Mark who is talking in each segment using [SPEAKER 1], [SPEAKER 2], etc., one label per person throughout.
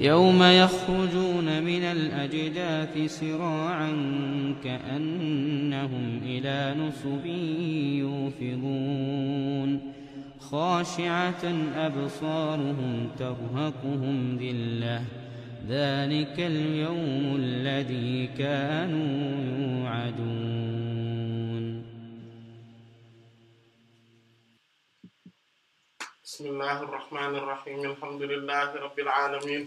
[SPEAKER 1] يوم يخرجون من الأجداث سراعا كأنهم إلى نصب يوفضون خاشعة أبصارهم ترهقهم ذلة ذلك اليوم الذي كانوا يوعدون
[SPEAKER 2] بسم الله الرحمن الرحيم الحمد لله رب العالمين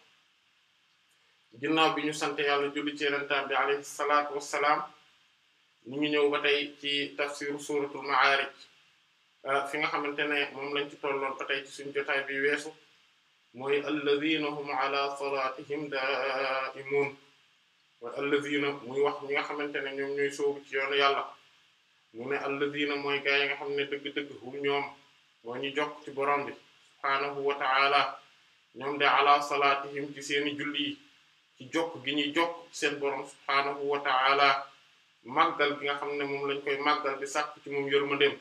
[SPEAKER 2] ginnaaw bi ñu sant yàlla julli ci yenentaam bi alayhi salaatu salaam ñu ngi ñëw ba tey ci tafsiru suratul ma'arij euh, fi nga xamante ne moom lañ ci tolloon ba tey ci suñ jotaay bi weesu mooy alladhina hum ala salatihim da'imun mooy alladhina wax ñi nga xamante ne ñoom ñooy soobu ci yoonu yàlla mu ne alladhina mooy gaa yi nga xam ne dëgg-dëgg hum ñoom moo ñu jokk ci borom bi subhaanahu wa ta'ala ñoom de ala salatihim ci seeni julli ci jokk gi ñuy jokk seen borom subhaanahu wa ta'ala màggal gi nga xam ne moom lañ koy màggal di sàkku ci moom yërmandeem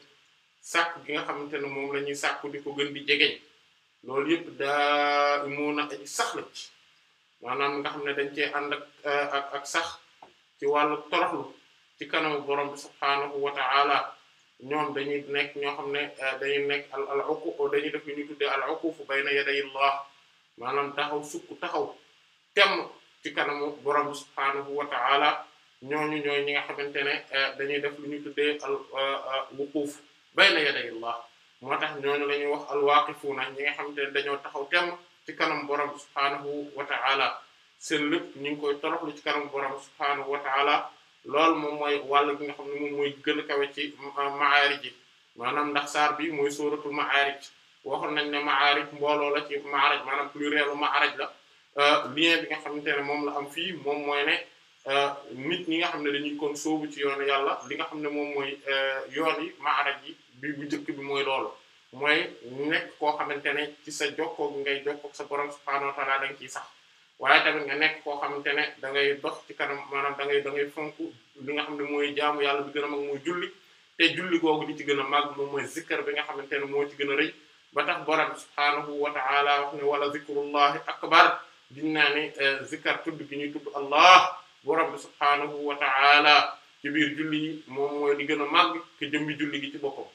[SPEAKER 2] sàkku gi nga xamante ne moom la ñuy sàkku di ko gën di jegeñ loolu yëpp daa moo na aji sax la maanaam nga xam ne dañ cee ànd eh, ak ak sax ci wàllu toroxlu ci kanamu borom bi subhaanahu wa ta'ala ñoom dañuy nekk ñoo xam ne eh, dañuy nekk al al uqu dañuy def lu ñuy tuddee al uqufu bayna yaday Allah taxaw sukk taxaw temm ci kanamu borom bi subhaanahu wa ta'ala ñooñu ñooy ñi nga xamante ne eh, dañuy def lu ñu tuddee al eh, eh, wuquuf bayna yaday Allah moo tax ñooñu la ñuy wax al waaqifuuna ñi nga xamante ne dañoo taxaw temm ci kanam borom subhaanahu wa ta'ala seen lépp ñu ngi koy toroxlu ci kanam borom subhaanahu wa ta'ala loolu moom mooy wàll bi nga xam mooy gën a kawe ci ma'aarij ji maanaam ndax saar bi mooy sóoratul ma'aarij waxoon nañ ne ma'aarij mbooloo la ci ma'aarij maanaam plurielu ma'aarij la Euh, lien bi nga xamante ne moom la am fii moom mooy ne euh, nit ñi nga xam ne dañuy kon sóobu ci yoonu yàlla li nga xam ne moom mooy euh, yoon yi maaraj yi bi bu njëkk bi mooy loolu mooy nekk koo xamante ne ci sa jokkoo gi ngay jokkoo sa borom subhaanahu wa ta'aala da nga ciy sax waaye tamit nga nekk koo xam ne dangay ngay dox ci kanam maanaam da ngay da ngay fonk li nga xam ne mooy jaamu yàlla bi gën a mag mooy julli te julli googu di ci gën a mag moom mooy zikkar bi nga xamante ne moo ci gën a rëy ba tax borom subhaanahu wa ta'aala wala zikrullahi akbar giñ naa ne euh, zikkar tudd gi ñuy tudd allah borom bi subhaanahu wa ci biir julli yi moom mooy li gën a màgg ke jëmmi julli gi ci boppam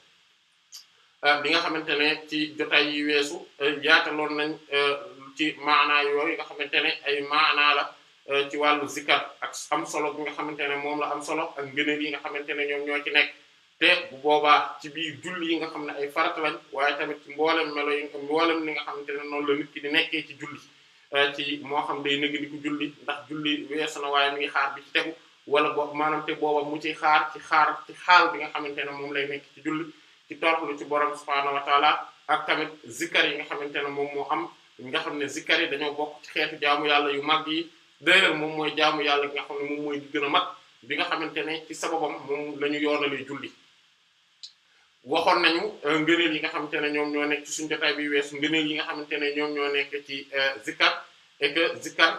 [SPEAKER 2] euh, bi nga xamante ne ci jotaay yi weesu yaataloon euh, nañ ci maanaa yooyu nga xamante ne ay maanaa la ci wàllu zikkar ak am solo bi nga xamante ne moom la am solo ak ngëneel yi nga xamante ne ñoom ñoo ci nekk te bu boobaa biir julli yi nga xam ne ay farata lañ waaye tamit mboolem melo yi mboolem li nga xam ne noonu la nit ki di nekkee ci julli Euh, ci moo xam day nëg di ko julli ndax julli weesu na waaye mi ngi xaar bi ci tegu wala boog maanaam te booba mu ci xaar ci xaar ci xaal bi nga xamante ne moom lay nekk ci julli ci torxlu ci borom subhaanahu wa taala ak tamit zikkar yi nga xamante ne moom moo xam nga xam ne zikkar yi dañoo bokk ci xeetu jaamu yàlla yu mag yi d'ailleurs moom mooy jaamu yàlla bi nga xam ne moom mooy di gën a mag bi nga xamante ne ci sababam moom la ñu yoonalee julli waxoon nañu euh, ngëneel yi nga xamante ne ñoom ñoo nekk ci suñu bi weesu ngëneel yi nga xamante ne ñoom ñoo nekk ci euh, zikkar et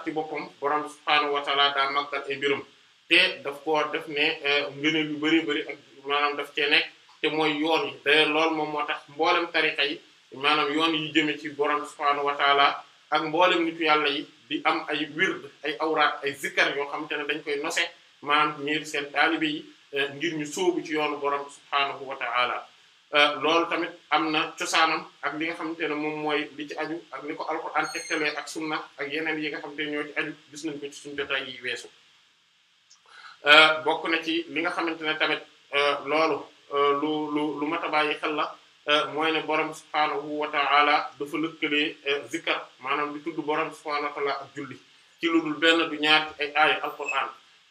[SPEAKER 2] ci boppam borom subhaanahu wa ta'ala daa ay mbirum te daf ko def ne euh, ngëneel yu bari bari ak maanaam daf cee nekk te mooy yoon yi d'ailleurs loolu moom moo tax mboolem tariqa yi maanaam yoon yi jëme ci borom subhaanahu wa ak mboolem nitu yàlla yi di am ay wird ay awraat ay zikkar yoo xamante ne dañ koy nose maanaam ñeenti seen taalibe yi ngir ñu sóobu ci yoonu borom subhaanahu wa Euh, loolu tamit am na cosaanam ak li nga xamante ne moom mooy li ci aju ak li ko alquran tegtalee ak sunna ak yeneen yi nga xamante ne ñoo ci aju gis nañ ko ci suñu détail yi weesu euh, bokk na ci li nga xamante ne tamit euh, loolu lu lu lu mat a bàyyi la mooy ne borom subhaanahu wa ta'ala dafa lëkkalee zikar maanaam di tudd borom subhaanahu ak julli ci lu dul benn du ñaar ay aaya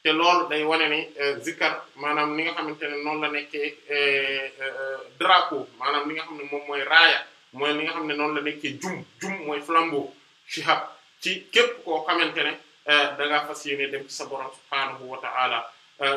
[SPEAKER 2] te lool day wane ni euh, zikkar maanaam ni nga xamante ne noonu la nekkee euh, euh, drapeau maanaam li nga xam ne moom mooy raaya mooy li nga xam ne noonu la nekkee jum jum mooy flambeau shihab ci képp koo xamante ne da ngaa fas yéene dem ci sa borom subhaanahu wa ta'ala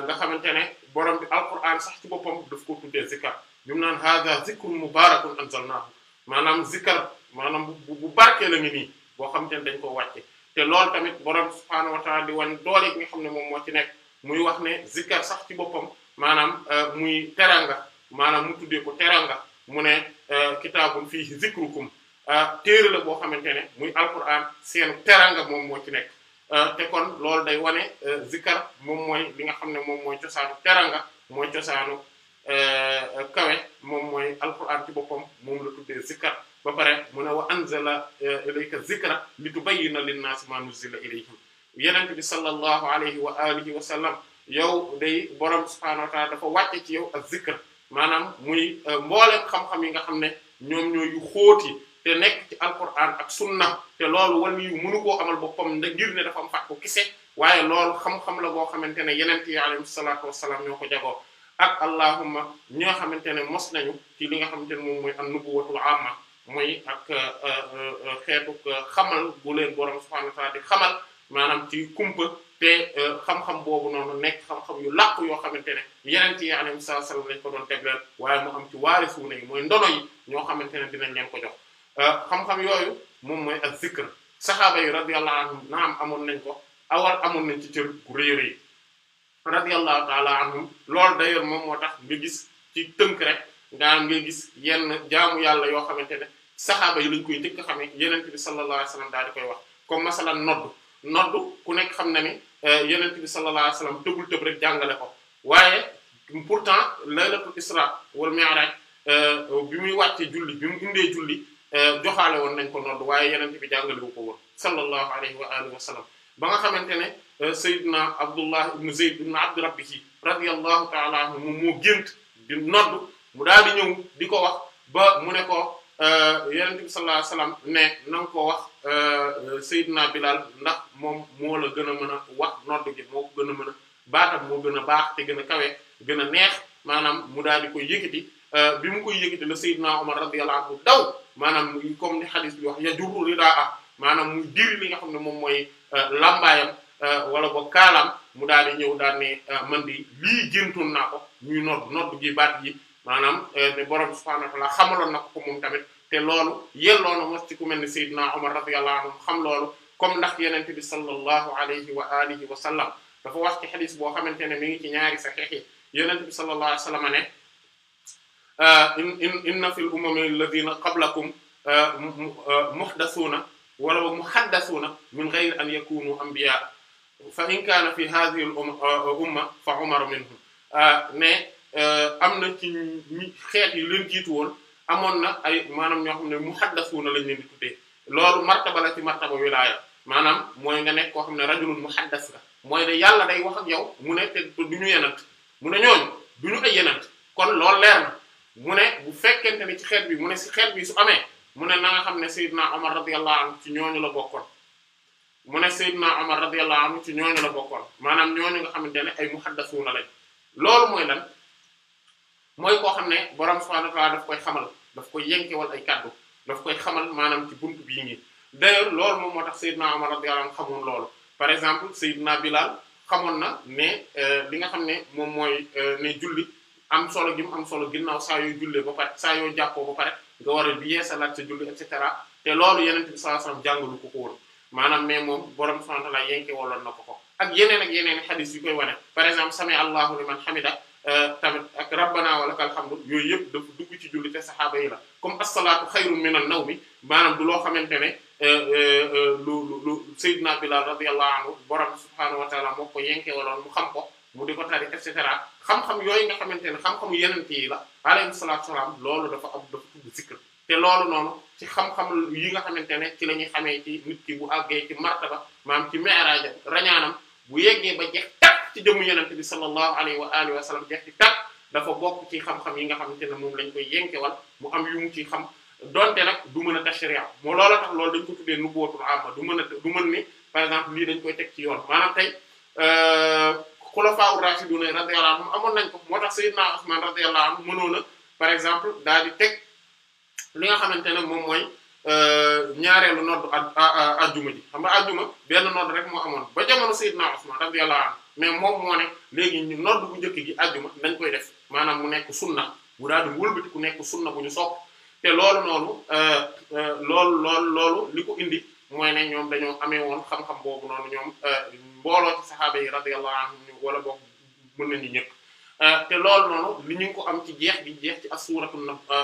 [SPEAKER 2] nga xamante ne borom bi alquran sax ci boppam daf ko tuddee zikkar yum naan hadha zikrun mubarakun anzalnahu maanaam zikkar maanaam bu bu barkee la ngi nii boo xamante ne dañ ko wàcce te loolu tamit borom subhaanahu wa ta'ala di wan doole yi nga xam ne moom moo ci nekk muy wax ne zikkar sax ci boppam maanaam euh, muy teranga maanaam mu tuddee ko teranga mu ne euh, kitaabun fiihi zikrukum euh, téere la boo xamante ne muy alquran seen teranga moom moo ci nekk te kon loolu day wane zikkar moom mooy li nga xam ne moom mooy cosaanu teranga mooy cosaanu kawe moom mooy alquran ci boppam moom la tuddee zikkar ba pare mu ne wa anzala eh, ilayka zikra litubayyina linnaasi maa nuzzila ilayhim yenent bi sallallahu alayhi wa alihi wa sallam yow day borom subhaanahu wa ta'ala dafa wàcce ci yow a zikr maanaam muy eh, mboole xam-xam yi nga xam ne ñoom ñooy yu xóoti te nekk ci alquran ak sunna te loolu wal yu mënu koo amal boppam nda ngir ne dafa am fàt ko kise waaye lool xam-xam la boo xamante ne yenent yi alayhi salaatu wassalaam ñoo ko jagoo ak allahumma ñi xamante ne mos nañu ci li nga xamante ne moom mooy an nubuwatul muy ak euh, euh, euh, xeetu xamal bu leen borom subhaanahu wa di xamal maanaam ci kumpa te xam-xam boobu noonu nekk xam-xam yu làkk yoo xamante ne yeneen ci yi alayhi salaam lañ ko doon tegleel waaye mu am ci waarisuuna yi mooy ndono yi ñoo xamante ne dinañ leen ko jox xam-xam yooyu moom mooy ak zikr saxaaba yi radiyallahu anhum naam amoon nañ ko awal amoon nañ ci cër gu rëy rëy loolu d'ailleurs moom moo tax nga gis ci tënk rek nga am nga gis yenn jaamu yàlla yoo xamante ne saxaaba yi lañ koy njëkk xamee yonent bi sallallahu alayhi wasallam daal di koy wax comme masalan nodd nodd ku nekk xam na ne euh, yonent bi sallallahu alayhi wasallam tëbul tëb rek jàngale ko waaye pourtant laylatul isra wal mi'raj euh, bi muy wàccee julli bi mu indee julli euh, joxaale woon nañ ko nodd waaye yonent bi jàngale wu ko woon sallallahu alayhi wa alihi wa xamante ne Seydina Abdullah ibn Zayd ibn Abd Rabbihi radiyallahu gént di nodd mu daal di ñëw di ko wax ba mu ne ko Euh, yonent bi sallallahu alayhi wasallam ne na ko wax euh, naa Bilal ndax moom moo la gën a mën a wax nodd gi moo gën a mën a baatam moo gën a baax te gën a kawe gën a neex maanaam mu daal di koy yëkkati euh, bi mu koy yëkkati la Seydina Omar radiyallahu anhu daw maanaam comme ni hadith bi wax yajurru ridaa maanaam muy diri li nga xam ne moom mooy lambaayam wala ba kaalam mu daal di ñëw daal man di lii géntoon naa ko ñuy nodd nodd gi baat yi maanaam euh, ne borom subhaanahu wa ta'aala xamaloon na ko moom tamit te loolu yelloo na mos ci ku mel ne Seydina Omar radiyallahu anhu xam loolu comme ndax yenente bi sallallahu alayhi wa alihi wa sallam dafa wax ci xadis boo xamante ne mi ngi ci ñaari saxiix yi yenente bi sallallahu alayhi wa sallam ne euh, in inna fil umami alladhina qablakum euh, muhdasuna wala muhaddasuna min ghayri an yakunu anbiya fa in kana fi hadhihi al umma fa umaru minhum ne Euh, am na ci xeet yi leen jiitu woon amoon na ay maanaam ñoo xam ne muhaddasuuna lañ leen di tuddee loolu martaba la ci martaba wilaaya maanaam mooy nga nekk xam ne rajulun muhaddas la mooy yàlla day wax yow mu ne te du ñu yenant mu ne ñooñu du ñu ay yenant kon loolu leer mu ne bu fekkente ne ci xeet bi mu ne si xeet mu ne na nga xam ne Seydina Omar radiyallahu anhu ci ñooñu la bokkoon mu ne Seydina Omar radiyallahu anhu ci ñooñu la bokkoon maanaam ñooñu nga xamante ne ay muhaddasuuna lañ loolu mooy lan mooy koo xam ne borom subhanahu wa ta'ala daf koy xamal daf koy wal ay kaddu daf koy xamal maanaam ci buntu bii nii d'ailleurs lool moom moo tax Seydina Omar radiyallahu anhu xamoon loolu par exemple Seydina Bilal xamoon na ne euh, li nga xam ne moom mooy euh, ne julli am solo gi mu am solo ginnaaw saa yoo jullee saa yoo jàppoo ba war a di yeesalaat sa julli te loolu Yonent bi sallallahu ko ko woon maanaam mais moom borom subhanahu wa ta'ala yenkewaloon na ko ko ak yeneen ak yeneen xadis yu koy wane par exemple sami Allahu liman hamida Euh, tamit ak rabbana wa lakal hamdu yooyu yëpp dafa dugg ci julli te saxaaba yi la comme as-salaatu xayrun minan nawmi maanaam du loo xamante ne euh, euh, lu lu Seydina Bilal radiyallahu anhu borom subhaanahu wa taala moo ko yenkee waloon mu xam ko mu di et cetera xam-xam yooyu nga xamante ne xam-xamu yenente yi la alayhi salaatu loolu dafa am te loolu noonu ci xam yi nga xamante ne ci la ñuy xamee ci nit ki bu àggee ci martaba maanaam ci mi'raaj rañaanam bu yeggee ba jeex tàkk ci jëmu yonent bi sallallahu alayhi wa alihi wa sallam jeex ci tàkk dafa bokk ci xam-xam yi nga xamante ne moom lañ koy yenkewal mu am yu mu ci xam donte nag du mën a tashri'a moo loola loolu dañ ko tuddee nubuwatul mën a du mën ne par exemple lii dañ koy teg ci yoon maanaam tey euh, xulafaa ur rashidun radiyallahu anhum amoon nañ ko moo tax sayyidna Usman radiyallahu anhu mënoon a par exemple daal di teg li nga xamante ne moom mooy Euh, ñaareelu nodd ajjuma ji xam nga ajjuma benn nodd rek moo amoon ba jamono Seydina Usman radiyallahu anhu mais moom léegi ñu nodd bu njëkk gi ajjuma dañ koy def maanaam mu nekk sunna bu daal di wëlbati ku nekk sunna bu ñu sopp te loolu noonu euh, euh, loolu loolu loolu li ko indi mooy ñoom dañoo amee woon xam boobu ñoom mbooloo ci saxaaba yi radiyallahu wala boog mën nañu ñëpp te loolu noonu ñu ko am ci jeex gi jeex ci as-suuratul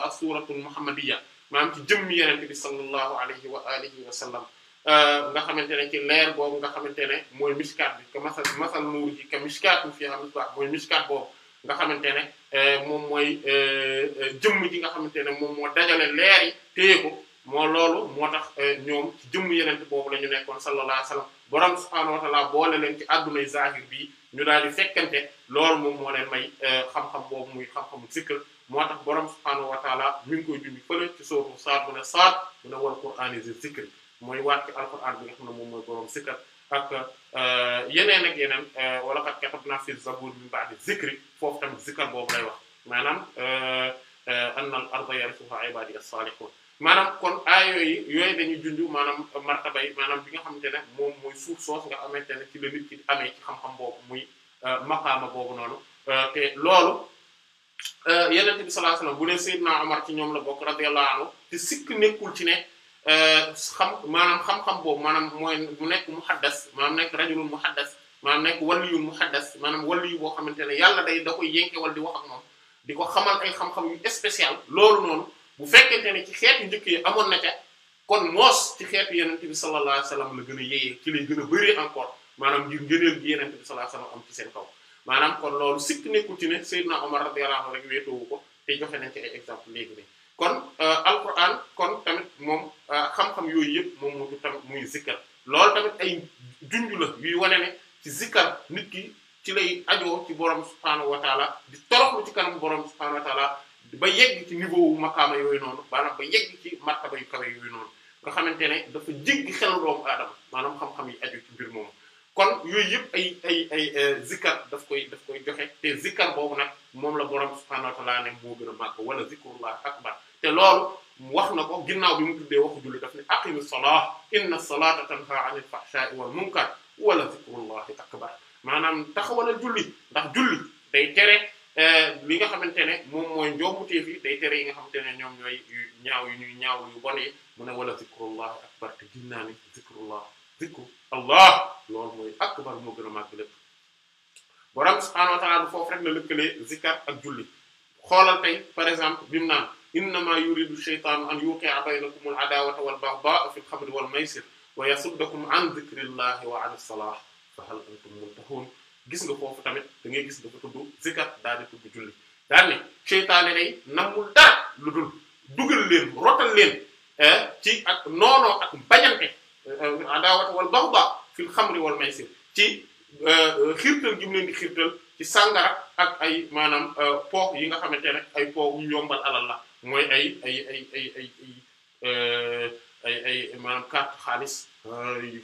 [SPEAKER 2] as-suuratul muhammadiyya maanaam ci jëmm yenente bi sallallahu alayhi wa alihi wa sallam euh, nga xamante ne ci leer boobu nga xamante ne mooy miskaat bi ka masal masal nuur ji ka miskaat bu fiha misbah mooy miskaat boobu nga xamante ne euh, moom mooy euh, jëmm ji nga xamante ne moom moo dajale leer yi téye ko moo loolu moo tax ñoom ci jëmm yenente boobu la ñu nekkoon sallallahu alayhi wa sallam borom subhaanahu wa ta'ala ci addunay zahir bii ñu daal di loolu moom moo leen may boobu muy xam-xamu zikr moo tax borom subhaanahu wa taala mi ngi koy junj fële ci sooru saad bu ne saad bu ne wal qur'aani zi zikri mooy waat ci alqur'aan bi nga xam ne ak euh, yeneen ak yeneen euh, wala qad katabnaa fi zabuur min ba'di zikri foofu tamit zikkar boobu lay wax maanaam euh, anna al arda yarithuhaa ibaadiya as maanaam kon aay yooyu yooyu dañuy junj maanaam martaba yi maanaam bi nga xamante ne moom mooy suuf soosu nga xamante ne ci la nit ki amee ci xam-xam boobu muy maqaama boobu noonu te loolu Euh, yenente bi sallallahu alayhi wasallam bu ne Seydina Omar ci ñoom la bokk radiyallahu anhu te sikk nekkul ci ne euh, xam maanaam xam-xam boobu maanaam mooy mu nekk muhaddas maanaam nekk rajulul muhaddas maanaam nekk waliyul muhaddas maanaam waliyu boo xamante ne yàlla day da koy yenkewal di wax ak moom di ko xamal ay xam-xam yu spécial loolu noonu bu fekkee ne ci xeetu njëkk yi amoon na ca kon moos ci xeetu yenente bi sallallahu alayhi wasallam la gën a yeyee ci lay gën a bëree encore maanaam ngir ngëneel gi yenente bi ci seen kaw maanaam kon loolu sikk nekkul ci ne Seydina Omar radiyallahu anhu rek weetoowu ko te joxe nañ ci ay exemple léegi ne kon euh, alquran kon tamit moom euh, xam-xam yooyu yëpp moom moo mu muy zikkar loolu tamit ay junj la yuy wane ne ci zikkar nit ki ci lay ajoo ci borom subhaanahu wa di toroxlu kanam borom subhaanahu wa taala ba yegg ci niveau wu makaama yooyu noonu maanaam ba yegg ci martaba yu yooyu noonu nga xamante ne dafa jéggi xelu doomu aadama maanaam xam-xam yi aju ci mbir moom kon yooyu yëpp ay ay ay euh, zikkar daf koy daf koy joxe te zikkar boobu nag moom la borom subhaanahu wa ta'ala ne moo gën a màgg wala zikrullah akbar te loolu wax na ko ginnaaw bi mu tuddee waxu julli daf ne aqimi salah inna salata tanha 'anil fahsha'i wal munkar wala zikrullahi akbar maanaam taxawalal julli ndax julli day tere euh, li nga xamante ne moom mooy njombuteef yi day tere yi nga xamante ne ñoom ñooy ñaaw yu ñuy ñaaw yu bon yi mu ne wala zikrullahi akbar te ginnaa ni zikrullah zikru allah loolu mooy akbar moo gën a màgg lépp borom subhaanahu wa ta'aala foofu rek la lëkkalee zikar ak julli xoolal tey par exemple bi mu naan innama yuridu shaytaanu an yuqi'a baynakum al-'adaawata wal-baghdaa'a fil xamri wal maysir wa yasuddakum an dhikrillahi wa 'ani s-salaati fa hal antum muntahuun gis nga foofu tamit da ngay gis dafa tudd zikar daal di tudd julli daal ne seytaane day namul dara lu dul dugal leen rotal leen eh, ci ak noonoo ak bañante adaawat wal baxda fil xamri wal maysir ci euh, euh, xiirtal gi mu leen ci sàngara ak ay maanaam euh, pook yi nga xamante ne ay pook yu yombal alal la mooy ay ay ay ay ay xaalis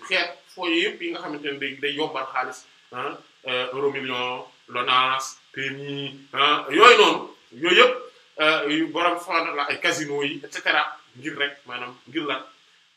[SPEAKER 2] xeet fooy yëpp yi nga xamante ne day day yombal xaalis ah euro million Lonase ah, noonu yooyu yëpp yu borom fànn la ay casino yi et cetera ngir rek maanaam ngir lan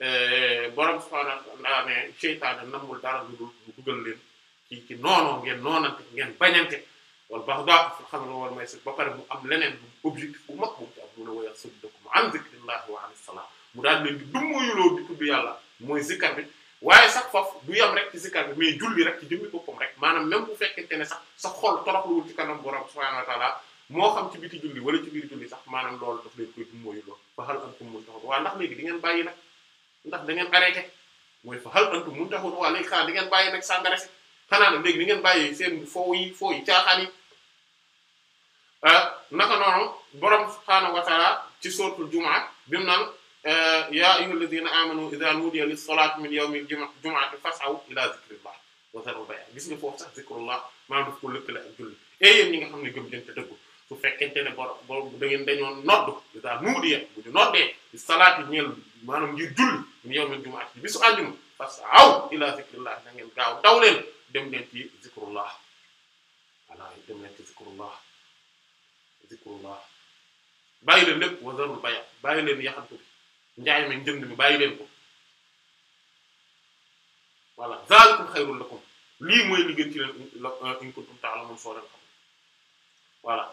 [SPEAKER 2] Eh, borom subhaanahu wa ta'aala ne seytaane nammul dara lu dugal leen ci ci noonoo ngeen noonante ngeen bañante wal baxdaa fil xamri wal maysir ba pare mu am leneen bu objectif bu mag bu ci am mu ne wa yasuddakum an zikrillahi wa anis salaam mu daal leen di dummóoyuloo di tudd yàlla mooy bi waaye sax foofu du yam rek ci zikkar bi mais julli rek ci jëmmi boppam rek maanaam même bu fekkente ne sax sax xol toroxluwul ci kanam borom subhaanahu wa ta'aala moo xam ci biti julli wala ci biir julli sax maanaam loolu daf leen koy dummóoyuloo ba xal am ko mu taxaw waaw ndax léegi di ngeen bàyyi la ndax da ngeen arrêté mooy fa hal antum muntahun waa léegi ngeen bàyyi nag sàngara si xanaa nag léegi da ngeen bàyyi seen foo yi foo yi caaxaan yi ah, noonu borom subhaanahu wa ci suratul jumaa bi mu naan eh, yaa ayyuhal ladhina amanu idha nudiya lis salati min yawmil jumu'ati fas'aw ila dhikrillah wa dharul bay' gis nga foofu sax dhikrullah maanaam daf ko lëkkale ak julli e yéen ñi da ngeen dañoon nodd idha nudiya bu ñu maanaam ngir julli ñu yow men jumaat ci bisu àjjuma fasaw ila zikrillah na ngeen gaaw daw leen dem leen ci zikrullah voilà dem leen ci zikrullah zikrullah bàyyi leen lépp wa zarul bay' bàyyi leen yaxantu bi njaay mi njënd mi bàyyi leen ko voilà zalikum xayrul lakum lii mooy li gën ci leen in kuntum ta'lamun soo leen xam voilà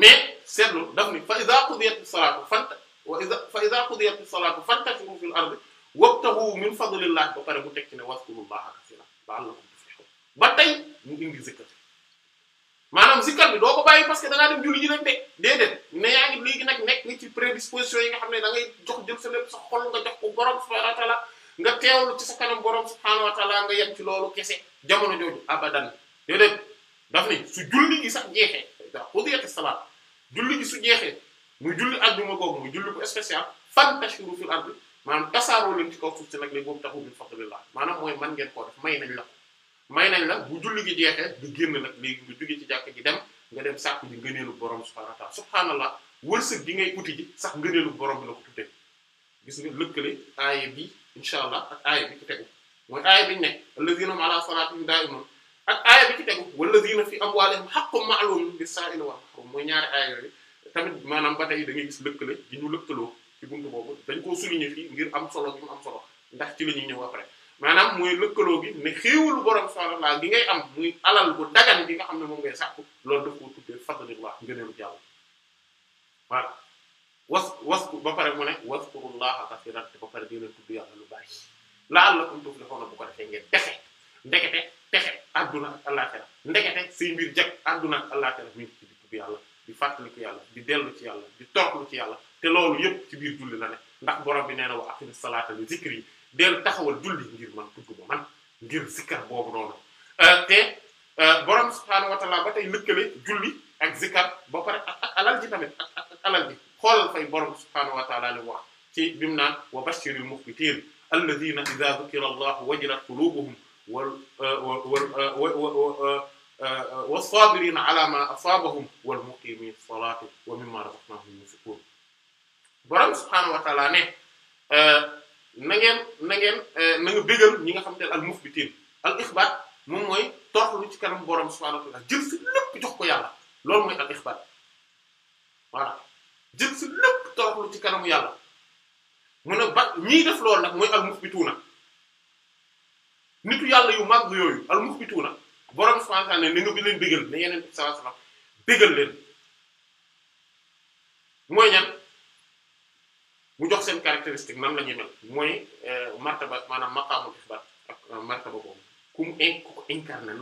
[SPEAKER 2] mais seetlu daf ni fa iza qudiyat as-salatu fanta wa iza fa iza qudiyati salaatu fantashiru fil ardi wabtaghu min fadlillah ko pare mu tekki ne wazkurullaha kasiiran la'allakum tuflihun ba tey mu indi zikkar maanaam zikkar bi doo ko bàyyi parce que da ngaa dem julli ji nag de déedéet mais yaa ngi léegi nag nekk ni ci prédisposition yi nga xam ne da ngay jox jël sa lépp sa xol nga jox ko borom subhaanahu wa ta'aala nga teewlu ci sa kanam borom subhaanahu wa ta'aala nga ci loolu kese jamono jooju abadan déedéet daf ne su julli gi sax jeexee da qudiyati salaat julli gi su jeexee. mu julli àjjuma googu muy julli ko spécial fan tashiru fil ardi maanaam tasaaroo leen ci kaw suuf si nag léegi boobu taxu bi fadlillah maanaam mooy man ngeen koo def may nañ la may nañ la bu julli gi jeexee du génn nag léegi nga ci jàkk ji dem nga dem sàkku ji ngëneelu borom subhaanahu wa ta'aala subhaanallah wërsëg gi ngay uti ji sax ngëneelu borom bi la ko tuddee gis nga lëkkale aaya bi incha allah ak aaya bi ci tegu mooy aaya bi ñu ne allaziina hum alaa salaatihim daa'imuun ak aaya bi ci tegu wallaziina fi amwaalihim haqqun ma'luum lis-saa'ili wal mahruum mooy ñaari aaya tamit maanaam ba tey da ngay gis lëkkale bi ñu lëkkaloo ci buntu boobu dañ koo souligner fii ngir am solo gi mu am solo ndax ci la ñuy ñëw après maanaam mooy lëkkaloo gi ne xéewalu borom subhaanahu wa ta'aala gi ngay am muy alal bu dagan gi nga xam ne moom ngay sàkku loolu daf koo tuddee fadlillah ngëneelu jàll voilà was was ba pare mu ne waskurullaha kasiran ba pare dina tudd yàlla lu bari la'allakum tuflihuna bu ko defee ngeen texe ndekete texe adduna ak àllaxira ndekete say mbir jag adduna ak àllaxira mi ngi yàlla di fàttaliku yàlla di dellu ci yàlla di torlu ci yàlla te loolu yépp ci biir julli la ne ndax borom bi nee na wa aqimi salaata li zikri yi del taxawal julli ngir man tudd ma man ngir zikkar boobu noonu euh, te euh, borom subhaanahu wa ta'ala ba tey lëkkale julli ak zikkar ba pare ak ak alal ji tamit ak ak alal ji xoolal fay borom subhaanahu wa ta'ala li wax ci bimu naan wa bashiril mukhbitin alladhina idha dhukira allah wajilat qulubuhum wal euh, was-saabiriina alaa maa asaabahum wal muqiimiina salaata wa mimmaa razaqnaahum yunfiquun borom subhaanahu wa taala ne euh, na ngeen na ngeen euh, na nga bégal ñi nga xam ne al muxbitiin al ixbaat moom mooy torlu ci kanam borom subhaanahu wa taala jël lépp jox ko yàlla loolu mooy al ixbaat voilà jël lépp torlu ci kanamu yàlla mu ne ba ñiy def loolu nag mooy al muxbituuna nitu yàlla yu mag yooyu al muxbituuna borom subhanahu ne na bi leen bégal ne yeneen bi sallallahu alayhi wasallam leen mooy ñan mu jox seen caractéristique nam la ñuy mel mooy euh, martaba maanaam maqaamul isbat ak euh, martaba boobu ku mu in ku ko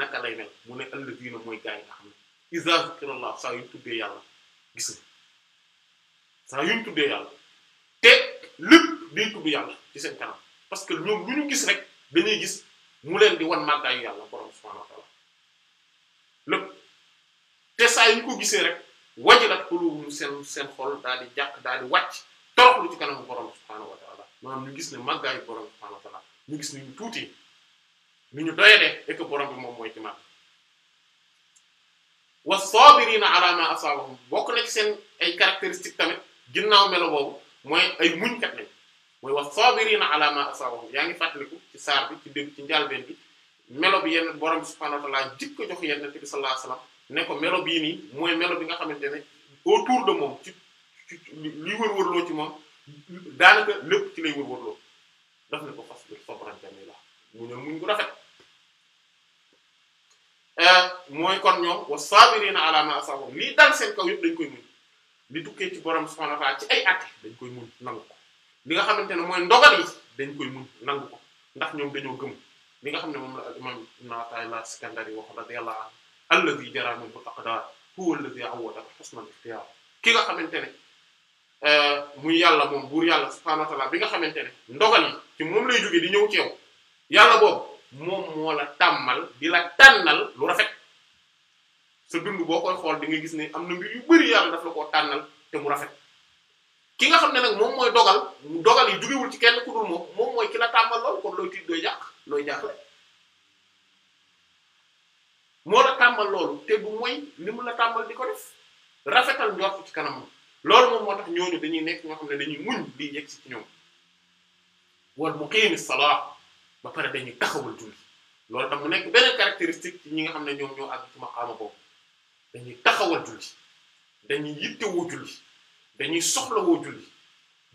[SPEAKER 2] naka lay mel mu ne alladina mooy gaa yi nga xam ne iza zikrullah saa yu tuddee yàlla gis nga saa yu tuddee yàlla te lépp day tudd yàlla ci seen kanam parce que ñoom lu ñu gis rek dañuy gis mu leen di wan màggaayu yàlla borom subhanahu lépp te saa yu ñu ko gisee rek wajilat qulubuhum seen seen xol daal di jàq daal di wàcc toroxlu ci kanamu borom subhaanahu wa ta'ala maanaam ñu gis ne màggaayu borom subhaanahu wa ta'ala ñu gis ni ñu tuuti ni ñu doyadee et que borom bi moom mooy ci mag wa sabirina ala ma asabahum bokk na ci seen ay caractéristiques tamit ginnaaw melo boobu mooy ay muñkat lañ mooy wa rii na alaama asabahum yaa ngi fàttaliku ci saar bi ci dégg ci njàlbeen bi. melo bi yenn borom bi subhaanahu wa ta'aala jikko jox yenn bi sallallahu alayhi wasallam ne ko melo bii nii mooy melo bi nga xamante ne autour de moom ci li wër ci moom daanaka lépp ci lay wër-wërloo daf muñ gu rafet eh, mooy kon ñoom wa sabirina ala ma asabahum lii dal dañ koy muñ li tukkee ci borom subhaanahu wa ay àtte dañ koy muñ nangu ko li nga xamante ne mooy ndogal yi dañ koy muñ nangu ko ndax ñoom dañoo gëm li nga xam ne moom la al imam ibn Ata'illah Iskandari wax radiyallahu anhu alladhi jara minhu al-aqdar euh, yàlla moom buur yàlla bi nga xamante ne ndogal yi ci moom lay jóge di ñëw ci yow yàlla boobu moom moo la tàmmal di lu rafet sa dund boo koy xool di nga gis ne am na mbir yu bari yàlla daf la koo tànnal mu rafet ki nga xam ne nag moom mooy dogal dogal yi jugewul ci kenn ku dul moom mooy ki la tàmmal loolu kon looy tiit doy jàq looy jaaxle moo la tàmbal loolu te bu li mu la tàmbal di ko def rafetal njort ci kanam loolu moo tax ñooñu dañuy nekk ñoo ne dañuy muñ di yegg ñoom war mu qiimi salaat ba pare dañuy taxawal julli loolu tam mu nekk beneen caractéristique ñi nga xam ne ñoom ñoo àgg ci maqaama boobu dañuy taxawal julli dañuy yittewoo julli dañuy soxlawoo julli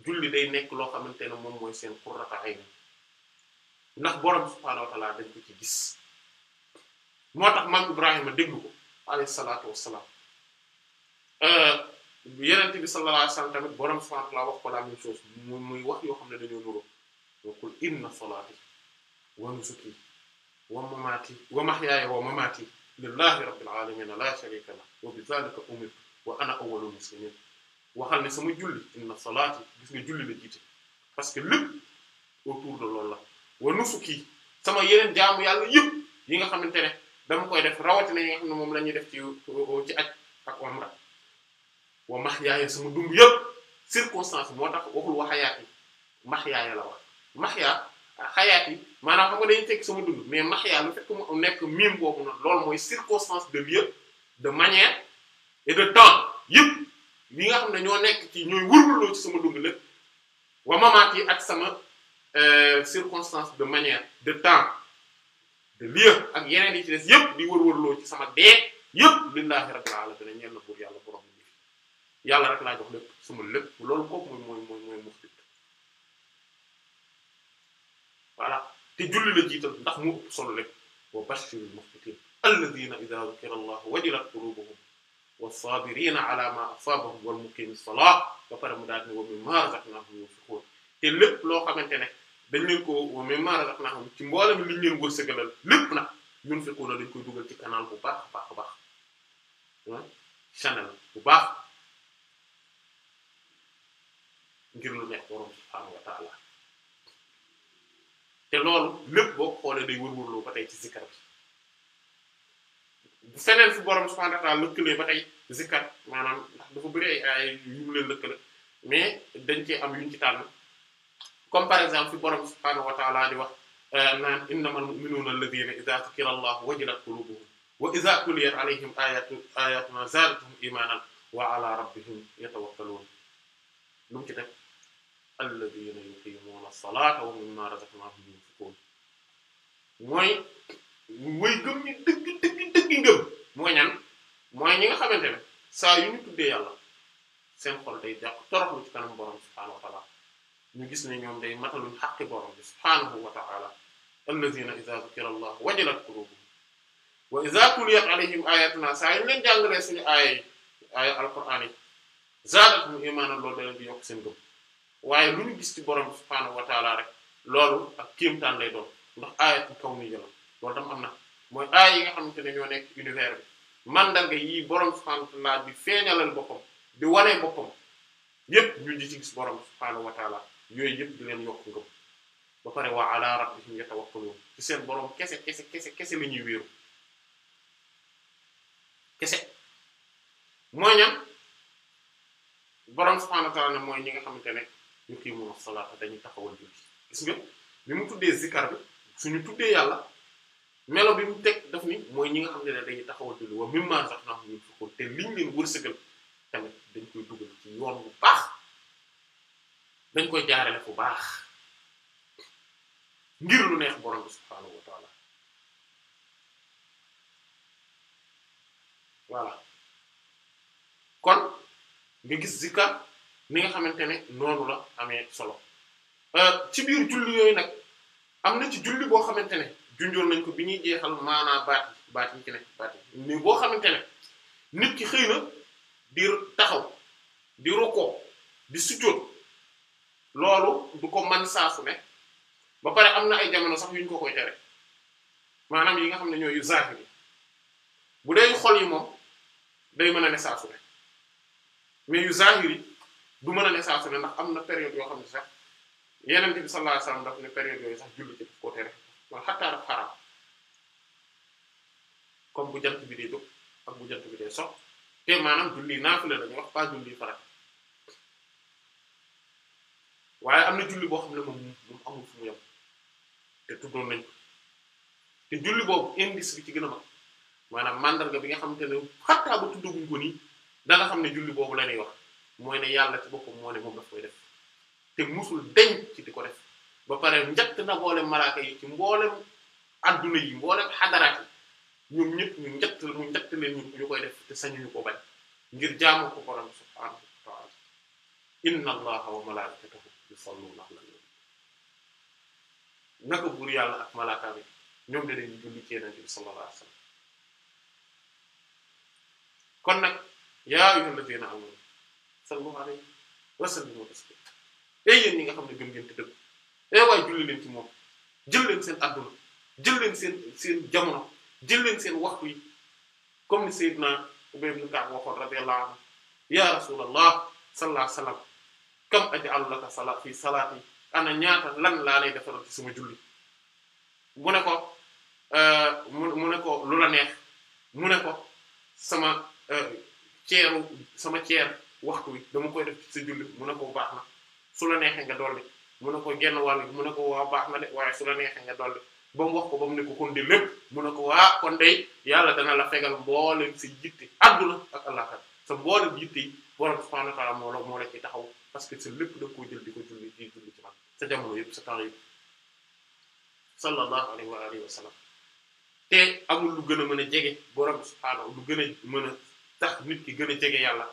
[SPEAKER 2] julli day nekk loo xamante ne moom mooy seen qurrata ayni ndax borom subhaanahu wa ta'ala dañ ko ci gis moo tax maam Ibrahima déglu ko alayhi salaatu wassalaam euh, yenente bi sallallahu alayhi wasallam tamit borom subhaanahu wa ta'ala wax ko la même chose mu muy wax yoo xam ne dañoo nuroo waqul inna salaati wa nusuki wa mamaati wa mahyaaya wa mamaati lillahi rabbil alamin la sharika lah wa bidhalika umirtu wa ana awwalul muslimin waxal ne sama julli inna salaati julli la jiite parce que lépp autour wa nusuki sama yeneen jaamu yàlla yëpp yi nga xamante ne dama koy def rawatina yi nga xam ne moom la ñuy def ci ci aj ak umra wa mahyaaya sama dund yëpp circonstance moo tax waxul wa xayaat yi mahyaaya la wax mahya xayaat yi maanaam xam nga dañuy tekki sama dund mais mahya lu fekk mu nekk mim boobu noonu loolu mooy circonstance de lieu de de temps yëpp yi nga xam ne ñoo nekk ci ñooy wërwërloo ci sama dund lépp wa mamaat ak sama Euh, circonstance de manière de temps de lieu ak yeneen yi ci des yëpp di wërwërloo ci sama dee yëpp lillahi rabbil alamin ñeel na pour yàlla borom bi yàlla rek laa jox lépp sama lépp loolu kooku mooy mooy mooy mooy muxtit voilà te julli la jiital ndax mu ëpp solo lépp wa bashiril muxtitin alladhina idha dhukira allahu wajilat qulubuhum wasabirina ala ma asabahum wal muqimis salah ba pare mu daal ne wa mimma razaqnahum yunfiqun te lépp loo xamante ne dañ leen ko wa mimmaa razaqnaahum ci mboolem liñ leen wërsëgalal lépp nag yunfiquuna dañ koy dugal ci canal bu baax baax baax ah channel bu baax ngir lu nekk borom subhaanahu wa te loolu lépp boo xoolee day wërwërloo ba tey ci zikkar bi feneen fi borom subhaanahu wa ta'ala lëkkalee ba tey zikkar maanaam ndax dafa bëri ay ay yu mu leen mais dañ cee am yuñ ci tànn. comme par exemple fi borom subhaanahu wa ta'ala di wax euh, naan innamal mu'minuuna alladhiina idhaa dhukira allahu wajilat quluubuhum wa idhaa tuliyat alayhim ayatu ayatuna zaadatuhum imaanan wa ala rabbihim yatawakkaluun lu mu ci teg alladhiina yuqiimuuna as-salaata wa mimmaa razaqnaahum yunfiquun mooy mooy gëm ñi dëgg dëgg dëgg ngëm mooy ñan mooy ñi nga xamante ne saa yu ñu tuddee yàlla seen xol day jàpp toroxlu ci kanam borom subhaanahu wa ta'ala ñu gis ne ñoom day mataluñ xaqi borom bi subhaanahu wa ta'ala allazina idha zukira allah wajilat qulubuhum wa idha tuliyat alayhim ayatuna saa yu leen jàngalee suñu aaya yi aaya alquran yi zaadathum loolu da di yokk seen gëm waaye lu ñu gis ci borom subhaanahu wa ta'ala rek loolu ak kéemtaan lay doon ndax aayatu kawniyya la loolu tam am na mooy aaya yi nga xamante ne ñoo nekk univers bi mandarga yii borom subhaanahu wa ta'ala di feeñalal boppam di wanee boppam yépp ñu di gis borom subhaanahu wa ta'ala yooyu yëpp di yokk ngëm ba pare wa ala rabbihim yatawakkalun ci seen borom kese kese kese kese la ñuy wéeru kese mooy ñam borom subhanahu wa ta'ala mooy ñi nga xamante ne ñu kii mun salaata dañuy taxawal julli gis nga bi mu tuddee zikar bi suñu tuddee yàlla melo bi mu teg daf ni mooy ñi nga xam ne dañuy taxawal julli wa mimma sax naa ñu fukkoon te liñ leen wërsëgal tamit dañ koy dugal ci yoon bu paax dañ koy jaarale fu baax ngir lu neex borom bi subhaanahu wa taala kon nga gis zikar ni nga xamante ne noonu la amee solo euh, ci biir julli yooyu nag am na ci julli boo xamante ne junjoon nañ ko bi ñuy jeexal maanaa baat baat yi ci ne baat yi ni boo xamante ne nit ki xëy na di taxaw di roko di sujjóot loolu du ko man saa su ne ba pare am na ay jamono sax yuñ ko koy tere maanaam yi nga xam ne ñooy yu zahir bu dee xol yi moom day mën a ne saa su ne mais yu zahir du mën a ne saa su ne ndax am na période yoo xam ne sax yeneen bi sallallahu alayhi daf ne période yooyu sax julli ci daf koo tere man xattaa daf xaraam comme bu jant bi dee jóg ak bu jant bi dee sox te maanaam julli naafila dañuy wax pas julli farat waaye am na julli boo xam ne moom moom amul fu mu yem te tuddoon nañ te julli boobu indice bi ci gën a mag maanaam mandarga bi nga xamante ne xattaa ba tuddaguñ ko nii da xam ne julli boobu la ñuy wax mooy ne yàlla ci boppam moo moom daf koy def te musul deñ ci di ko def ba pare njëkk na mboolem malaaka yi ci mboolem adduna yi mboolem xadaraat yi ñoom ñëpp ñu njëkk mu njëkk leen ñu koy def te sañuñu ko bañ ngir jaamu ko borom subhaanahu wa inna allaha bi a alayhi wa sallam naka buur yàlla ak malaaka bi ñoom de julli ci yenente bi sallallahu alayhi kon nag yaa ayyuhal lazina amanu sallu alayhi wa sallimu taslima ey yéen ñi nga xam ne gëm ngeen te dëgg ey waaye julli leen ci moom jël leen seen adduna jël leen seen seen jamono jël seen wax yi comme ni Seydina Ubay ibn Ka'b waxoon radiyallahu anhu ya rasulallah sallallahu alayhi wa sallam kam aj'alu laka salaat fi salaati ana ñaata lan laa lay defaral suma sama julli mu ne ko euh, mu ne ko lu la neex mu ne ko sama euh, ceeru sama ceer waxtu wi dama koy def si sa julli mu ne ko baax na su la neexee nga dolli mu ne ko genn wàll mu ne ko waa baax na de waaye su la neexee nga dolli ba mu wax ko ba mu ne ko kon de mu ne ko waa kon de yàlla dana la fegal mboolem si jiite àdduna ak àllaxira sa mboolem jiite yi borom subhaanahu wa ta'aala moo la moo la ci taxaw. parce que sa lépp da nga koy jël di ko julli di julli ci man sa jamono yëpp sa temps yëpp sallallahu alayhi te amul lu gën a mën a jege borom subhaanahu lu gën a mën a tax nit ki gën a jege yàlla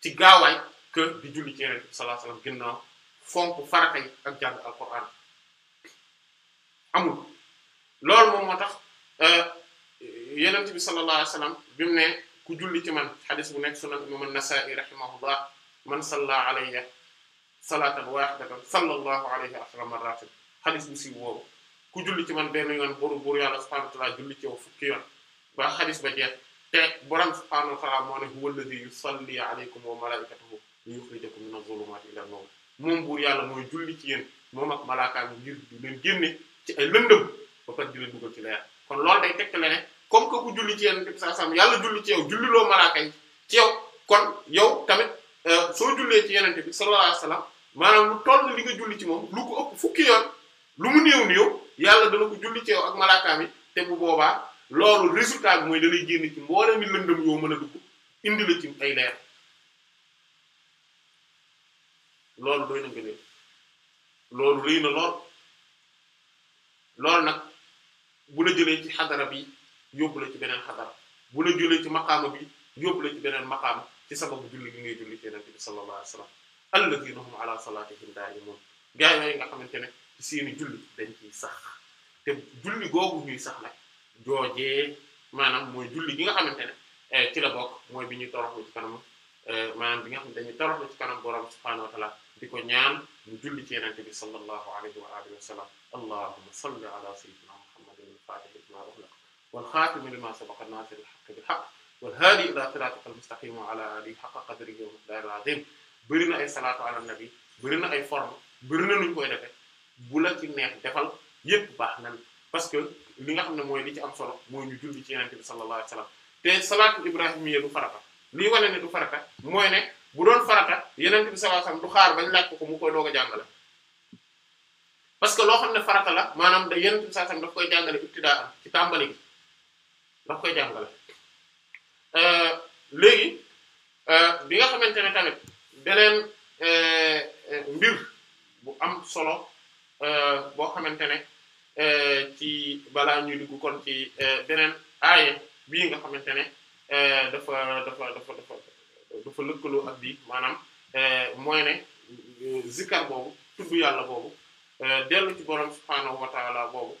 [SPEAKER 2] ci gaawaay que di julli ci yeneen sallallahu alayhi wa sallam ginnaaw fonk farata yi ak jàng alquran amul loolu moom moo tax euh, yenent bi sallallahu alayhi wa sallam bi mu ne ku julli ci man xadis bu nekk sunan imam an-Nasa'i rahimahullah man salla alayya salaatan waahidatan sallallahu alayhi ashra marratin xadis bu siiw boobu ku julli ci man benn yoon buru buru yàlla subhanahu wa ta'ala julli ci yow fukki yoon ba xadis ba jeex te borom subhanahu wa ta'ala moo ne huwa alladhi yusalli alaykum wa malaa'ikatuhu li yukhrijakum julli ci yéen moom ak malaakaam ngir di leen ci ay lëndëm ba pare ci leer kon loolu day tegtale ne comme que ku julli ci yéen saa sam yàlla julli ci yow julliloo malaaka yi ci yow kon yow tamit Euh, soo jullee ci yenente bi sallallahu alayhi maanaam lu toll li nga julli ci moom lu ko ëpp fukki yoon lu mu néew néew yàlla dana ko julli ci ak malaakaam yi te bu boobaa loolu résultat bi mooy dalay génn ci mboolem mi lëndëm yow mën a dugg indi la ci ay leer loolu doy na loolu rëy na lool loolu nag bu la jëlee ci xadara bi yóbbu la ci beneen xadara bu la jëlee ci maqaama bi yóbbu la ci beneen maqaama ci sababu julli gi ngay julli ci yonent bi sallallahu alayhi wasallam alladhina hum ala salatihim da'imun gaa yooyu nga xamante ne ci seeni julli dañ ciy sax te julli googu ñuy sax nag joojee maanaam mooy julli gi nga xamante ne eh, ci la bokk mooy bi ñuy toroxlu ci kanam eh, maanaam bi nga xam ne dañuy toroxlu ci kanam borom subhaanahu wa ta'ala di ko ñaan mu julli ci yonent bi sallallahu alayhi wa alihi wa sallam allahumma salli ala sayyidina muhammadin al-fatihi lima ughliqa wal khatimi lima sabaqa an-nasir al-haqqi bil-haqq wal haadi ilaa siraatikal mustaqiim wa alaa aalihi haqqa qadrihi wa na ay salaatu ala nabi bëri na ay forme bëri na nuñ koy defee bu la ci neex defal yépp baax nan parce que li nga xam ne mooy li ci am solo mooy ñu julli ci yonent bi sallallahu alayhi wa sallam du farata lii wane ne du farata mooy ne bu doon farata yonent bi sallallahu du xaar bañ laaj ko mu koy doog a jàngale parce que loo xam ne farata la maanaam da yonent bi sallallahu alayhi wa koy jàngale ibtidaa am ci tàmbali gi daf koy jàngale Euh, léegi euh, bi nga xamante ne tamit beneen euh, mbir bu am solo boo xamante ne ci balaa ñuy dugg kon ci beneen aaye bii nga xamante ne dafa dafa dafa dafa dafa lëkkaloo ak bi maanaam mooy ne zikar boobu tudd yàlla boobu dellu ci borom subhaanahu wa boobu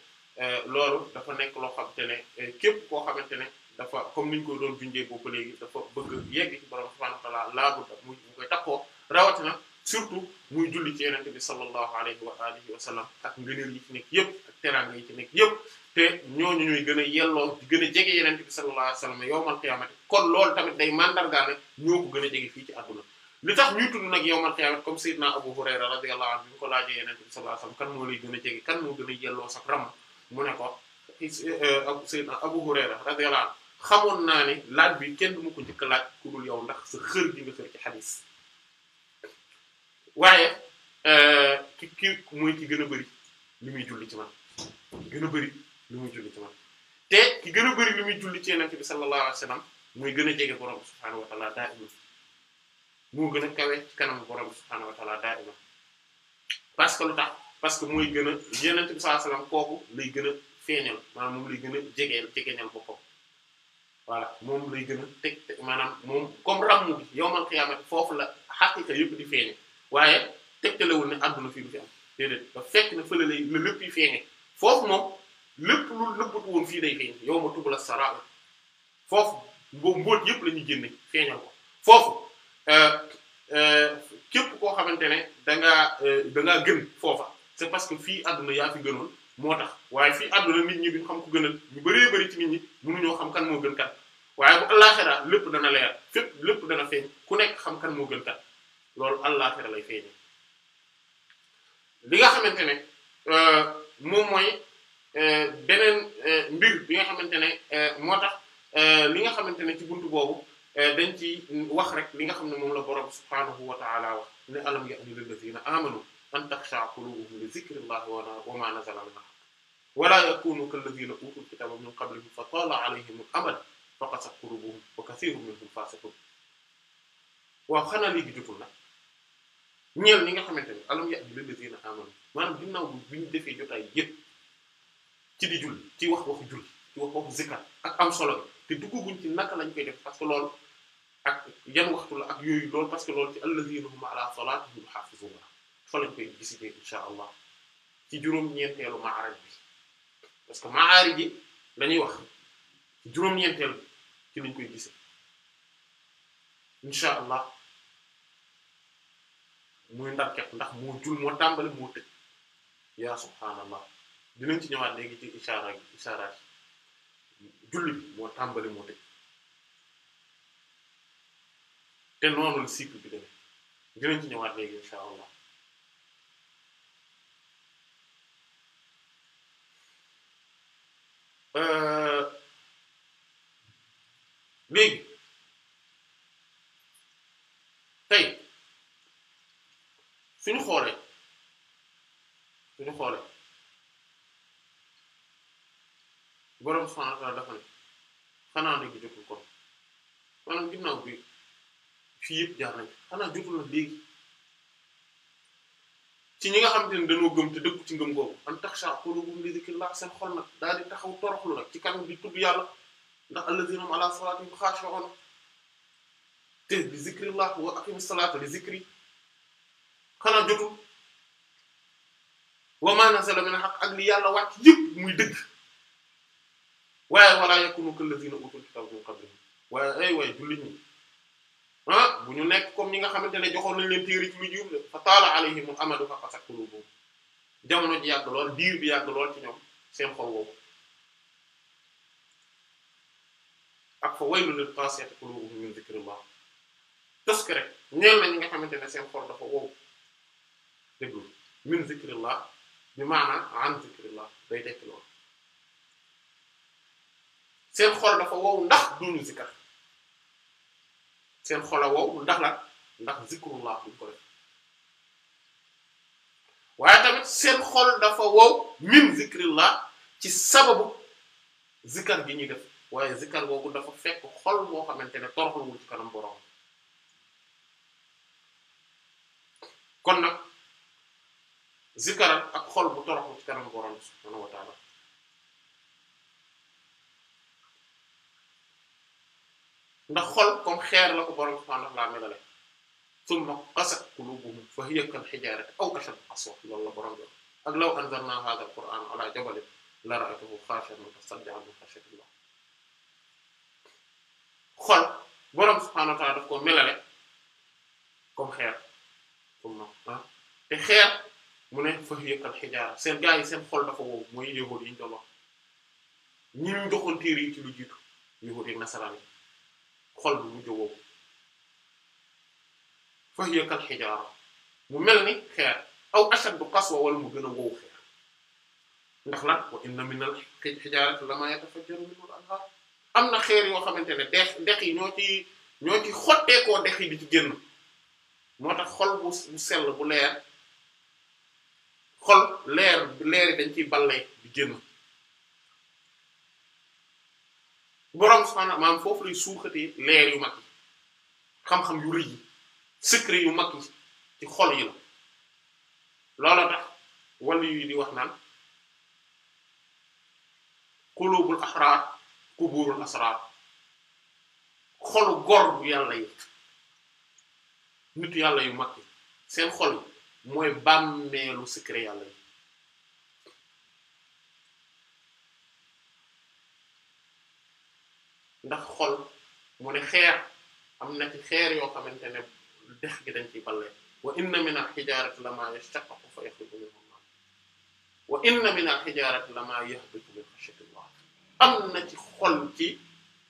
[SPEAKER 2] loolu dafa nekk loo xamante ne képp koo xamante ne dafa comme niñ ko doon junjee boobu léegi dafa bëgg yegg ci borom subhaanahu wa ta'aala laabu da muy mu koy takkoo rawatina surtout muy julli ci yenente bi sallallahu alayhi wa alihi wa sallam ak ngëneel yi nekk yépp ak teraanga yi nekk yépp te ñooñu ñuy gën a yelloo di gën a jege yenente bi sallallahu alayhi wa sallam yowmal qiyaamati kon loolu tamit day mandargaale ñoo ko gën a jege fii ci àdduna li tax ñuy tudd nag yowmal qiyaamati comme sayyidna Abu Hurayra radiyallahu anhu bi ko laajee yenente bi sallallahu alayhi wa sallam kan a jege kan moo gën mu ne ko sayyidna Abu Hurayra radiyallahu anhu xamoon naa ne laaj bi kenn du ma ko njëkk laaj ku dul yow ndax sa xër gi nga xër ci xadis waaye euh, ki ki ki gën a bëri lu muy julli ci man muy julli te ki gën a bëri li muy julli ci yonent bi sallallahu alayhi wasallam mooy gën a jege borom bi subhaanahu wa ta'ala da'ima moo que lu tax parce que gën a yonent bi sallallahu alayhi wasallam kooku lay gën a feeñal maanaam moom lay gën a jegeel jegeñal boppam voilà moom lay gën a teg maanaam moom comme ràmm bi yowmal xiyaamati foofu la xaqiqa yëpp di feeñe waaye tegtalewul ne àdduna fii du fi na fële lay la lépp yi feeñe foofu moom lépp lu lëbbatu woon fii day feeñ yawma tubla saraa'ir foofu mboo mbóot yëpp la ñuy génne feeñal ko foofu euh, euh, képp koo xamante ne da ngaa euh, da ngaa gën foofa c'est parce que fii àdduna yaa fi gënoon moo tax waaye fii àdduna nit ñi duñ xam ku gënal ñu bëree bëri ci nit ñi mënuñoo xam kan moo gën kat waaye bu àllaaxira lépp dana leer fépp lépp dana feeñ ku nekk xam kan moo gën kat loolu àllaaxira lay feeñee li nga xamante ne euh, moom mooy euh, beneen euh, mbir bi nga xamante ne moo tax li nga xamante ne ci bunt boobu dañ ci wax rek li nga xam ne moom la borom subhaanahu wa ta'ala wax ne alam ya'ni lillazina amanu an takhsha qulubuhum wa ma nazala minhu wala yakunu kalladhina utul kitaba min qablihim fa tala alayhim al amal fa qasat qulubuhum wa kathirun minhum fasiqun waaw xanaa léegi jotul nag ñeel ñi nga xamante ne ya ya'ni lilladhina amanu maanaam ginnaaw bi ñu defee jotaay yépp ci di julli ci wax waxu julli ci wax waxu zikar ak am solo te dugguguñ ci naka lañ koy def parce lool loolu ak yan waxtu la ak yooyu lool parce que loolu ci alladhina hum ala salatihim yuhafizuna fa lañ koy gis parce que maari ji dañuy wax juróom-ñeenteel ci lañ koy gise incha allah muy ndar ndax moo jul moo tàmbali moo tëj yaa subhaanallah dinañ ci ñëwaat léegi moo tàmbali moo tëj te noonu la cycle bi demee dinañ ci ñëwaat léegi incha allah léegi euh, tey suñu xoolee suñu xoolee borom subhaanahu wa ta'aala dafa ne xanaa léegi jotul kon maanaam ginnaaw bi fii yëpp jaar xanaa jotul na léegi ci ñi nga xamante ne dañoo gëm te dëggu ci ngëm googu an taxsha qulubuhum li dhikrillah seen xol nag daal di taxaw toroxlu nag ci kanam di tudd yàlla ndax alladhina hum ala salatihim khashi'un te li dhikrillah wa aqimis salata li dhikri xanaa jotul wa ma nazala min haqq ak li yàlla wàcc yëpp muy dëgg waaye wala yakunu kal ladhina utul kitaba min qablihim waaye ay waaye jullit ñi ah bu ñu nekk comme ñi nga xamante ne joxoon nañ leen téere ci lu jiw fa taala alayhimul amadu fa qasat qulubuhum jamono ji yàgg lool diir bi yàgg lool ci ñoom seen xol woowu ak fa waylun lil qasiyati qulubuhum min zikrillah tës rek na ñi nga xamante ne seen xol dafa wow déglu min zikrillah bi maanaam an zikrillah day tekki lool seen xol dafa wow ndax duñu zikar seen xol a wow ndax la ndax zikrullah buñ ko waaye tamit seen xol dafa wow min zikrillah ci sababu zikar gi ñuy def waaye zikar boobu dafa fekk xol boo xamante ne toroxluwul ci kanam borom kon nag zikaral ak xol bu toroxlu ci kanam borom subhanahu wa ndax xol comme xeer la ko borom subhaanahu wa ta'aala melale summa qasat quluubuhum fa hiya kal hijaarati aw ashaddu qaswa loolu la borom jox ak law anzalnaa daf koo melale comme xeer summa ah xeer mu ne fa hiya kal hijaara seen gaa yi seen xol dafa wow mooy yi ñu doon wax ñi ñu joxoon téere yi ci lu jiitu yahuud yi nasaraan yi. xol bi mu jowoo fa hiya kal hijaara mu mel ni xeer aw ashaddu qaswa wala mu gën a wow xeer ndax lan wa inna minal hijaarati lamaa yatafajjaru minhul anhaar am na xeer yoo xamante ne dex dex yi ñoo ci ñoo ci xotteekoo dex bi ci gën moo tax xol bu bu sell bu leer xol leer leer yi dañ ciy ballee di génn borom subhaanahu maanaam foofu lay suuxatee leer yu mag yi xam-xam yu rëy yi secret yu mag yi ci xol yi la loola tax wàllu yu di wax naan qulubul ahrar quburul asrar xolu góor bu yàlla yi nit yàlla yu mag yi seen xol mooy bàmmeelu secret yàlla yi ndax xol mu ne xeer am na ci xeer yoo xamante ne dex gi dañ ciy balle wa inna min al-hijarati lama yashaqqaqu fa yakhruju minhu ma wa inna min al-hijarati lama yahbitu min khashyati Allah am na ci xol ci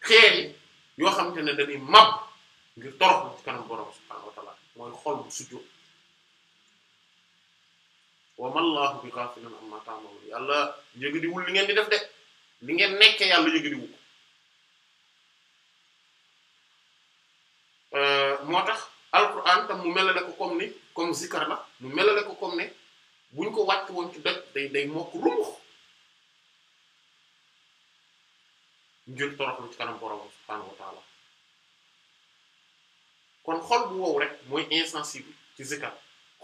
[SPEAKER 2] xeer yi yoo xamante ne dañuy mab ngir torox ci kanam borom subhanahu wa ta'ala mooy xol bu sujjóot wa ma Allahu bi ghafilin amma ta'malun yàlla yëg di wul li ngeen di def de li ngeen nekkee yàlla yëg di wul Euh, moo tax alquran tam mu melale ko comme ni comme zikar la mu melale ko comme ne buñ ko wàcc woon ci doj day day mokk rumux njël toroxlu ci kanam borom subhaanahu wa kon xol bu wow rek mooy insensible ci zikar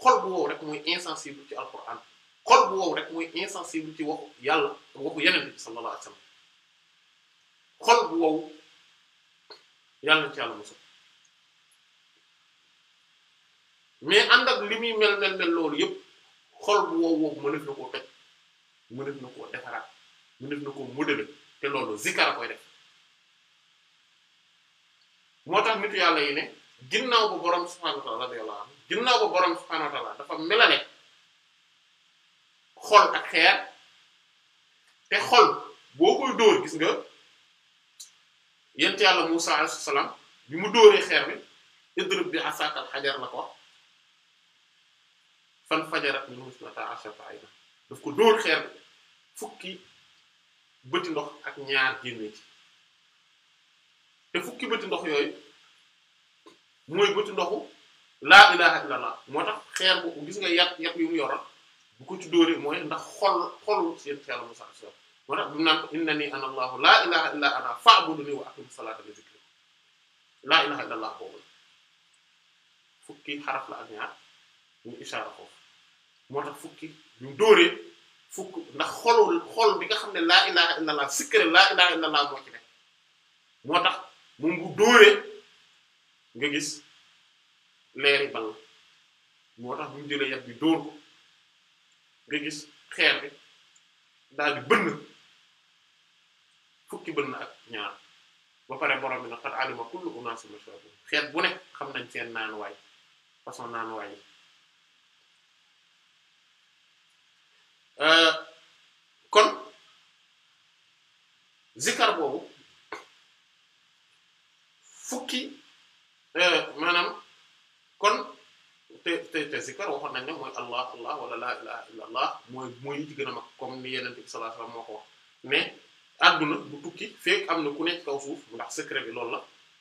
[SPEAKER 2] xol bu wow rek mooy insensible ci alquran xol bu wow rek mooy insensible ci waxu yàlla waxu yeneen bi sallallahu xol bu wow yàlla na ci yàlla mosul mais ànd ak li muy mel mel mel loolu yëpp xol bu wow wow mënef na koo toj mënef na koo defaraat mënef na koo modélé te loolu zikar a koy def moo tax nitu yàlla yi ne ginnaaw ba borom subhaanahu wa ta'aala radiyallahu anhu ginnaaw ba borom subhaanahu wa ta'aala dafa melale xol ak xeer te xol boo koy dóor gis nga yent yàlla musa alayhi bi mu dóoree xeer bi idrib bi asakal xajar la ko fan fajarat min isnata asharata ayna daf ko dóor xeer fukki bëti ndox ak ñaar génne ci te fukki bëti ndox yooyu mooy bëti ndoxu laa ilaha illallah moo tax xeer bu gis nga yàq yàq yu mu yoroon bu ko ci dóoree mooy ndax xol xolu seen xeer mu sax soo moo tax bu naan ko innani ana allahu laa ilaha illa ana fa'buduni wa aqim salata li dhikri laa ilaha fukki xaraf la ak ñaar ñu ishaara foofu moo tax fukki ñu dóoree fukk ndax xolu xol bi nga xam ne laa ilaha illallah sikkare laa ilaha illallah moo ci nekk moo tax moom bu dóoree nga gis leeri bal moo tax bu ñu jëlee yat dóor nga gis xeer bi daal di bënn fukki bënn ak ñaar ba pare borom bi nag xat alima kullu unaasin mashrabahum xeet bu nekk xam nañ seen naan waay façon naan waay Euh, kon zikar boobu fukki euh, maanaam kon te te te zikar waxoon nañ ne mooy allah allah wala la ilaha illa mooy mooy ci gën mag comme ni yeneen bi sallallahu alayhi moo ko wax mais adduna bu tukki fekk am na ku nekk kaw suuf ndax secret bi loolu la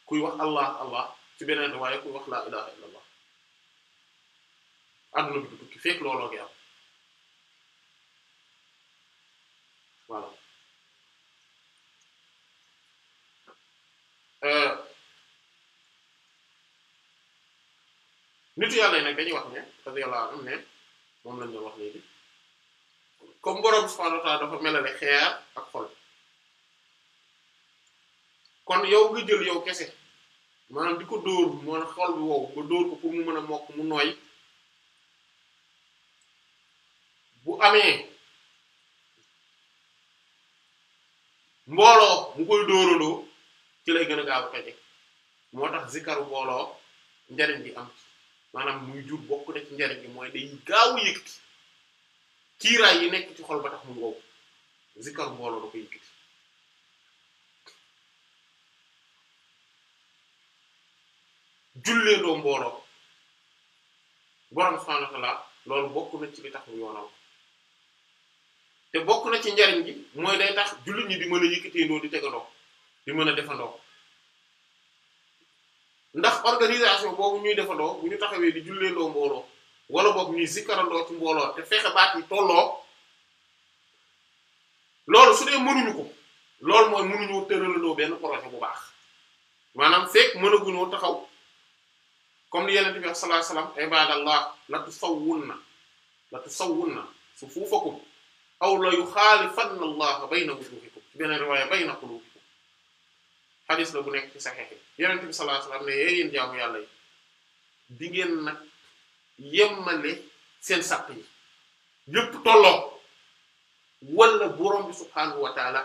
[SPEAKER 2] kuy wax allah allah ci beneen waaye kuy wax la ilaha illa allah adduna tukki fekk looloo ngi am Euh, nitu yàlla yi nag dañuy wax ne radiyallahu anhu ne moom lañ doon wax léegi comme borom subhanahu wa ta'ala dafa melale xeer ak xol kon yow nga jël yow kese maanaam di ko dóor moo xol bi wow ba dóor ko pour mu mën a mokk mu nooy bu amee mbooloo mu koy dóoraloo ci lay gën a gaaw a toje moo tax zikaru mbooloo njariñ bi am maanaam muy jur bokk na ci njariñ bi mooy day gaaw yëkkati kiiraay yi nekk ci xol ba tax mu wow zikaru mbooloo da ko yëkkati julleendoo mbooloo borom subhaanahu wa loolu bokk na ci li tax mu yoonal na ci njariñ bi mooy day tax jullit ñi di mën a yëkkateendoo di tegaloo di mën a defandoo ndax organisation boobu ñuy defandoo bu ñu taxawee di julleendoo mbooloo wala boog ñuy zikkarandoo ci mbooloo te fexe baat yi tolloo loolu su dee mënuñu ko loolu mooy mënuñu tëralandoo benn projet bu baax maanaam fekk mënaguñoo taxaw comme li yenente na sallallahu alayhi wasallam na la tusawwunna a tusawwunna sufufakum aw la yuxaalifanna allaha bayna wujuhikum ci beneen riwaaya bayna qulubikum xadis la bu nekk ci saxeex yi yonent bi sallallahu alayhi wasallam ne yee yéen jaamu yàlla yi di nag yemmale seen sàpp yi yëpp tolloo wala borom bi subhaanahu wa taala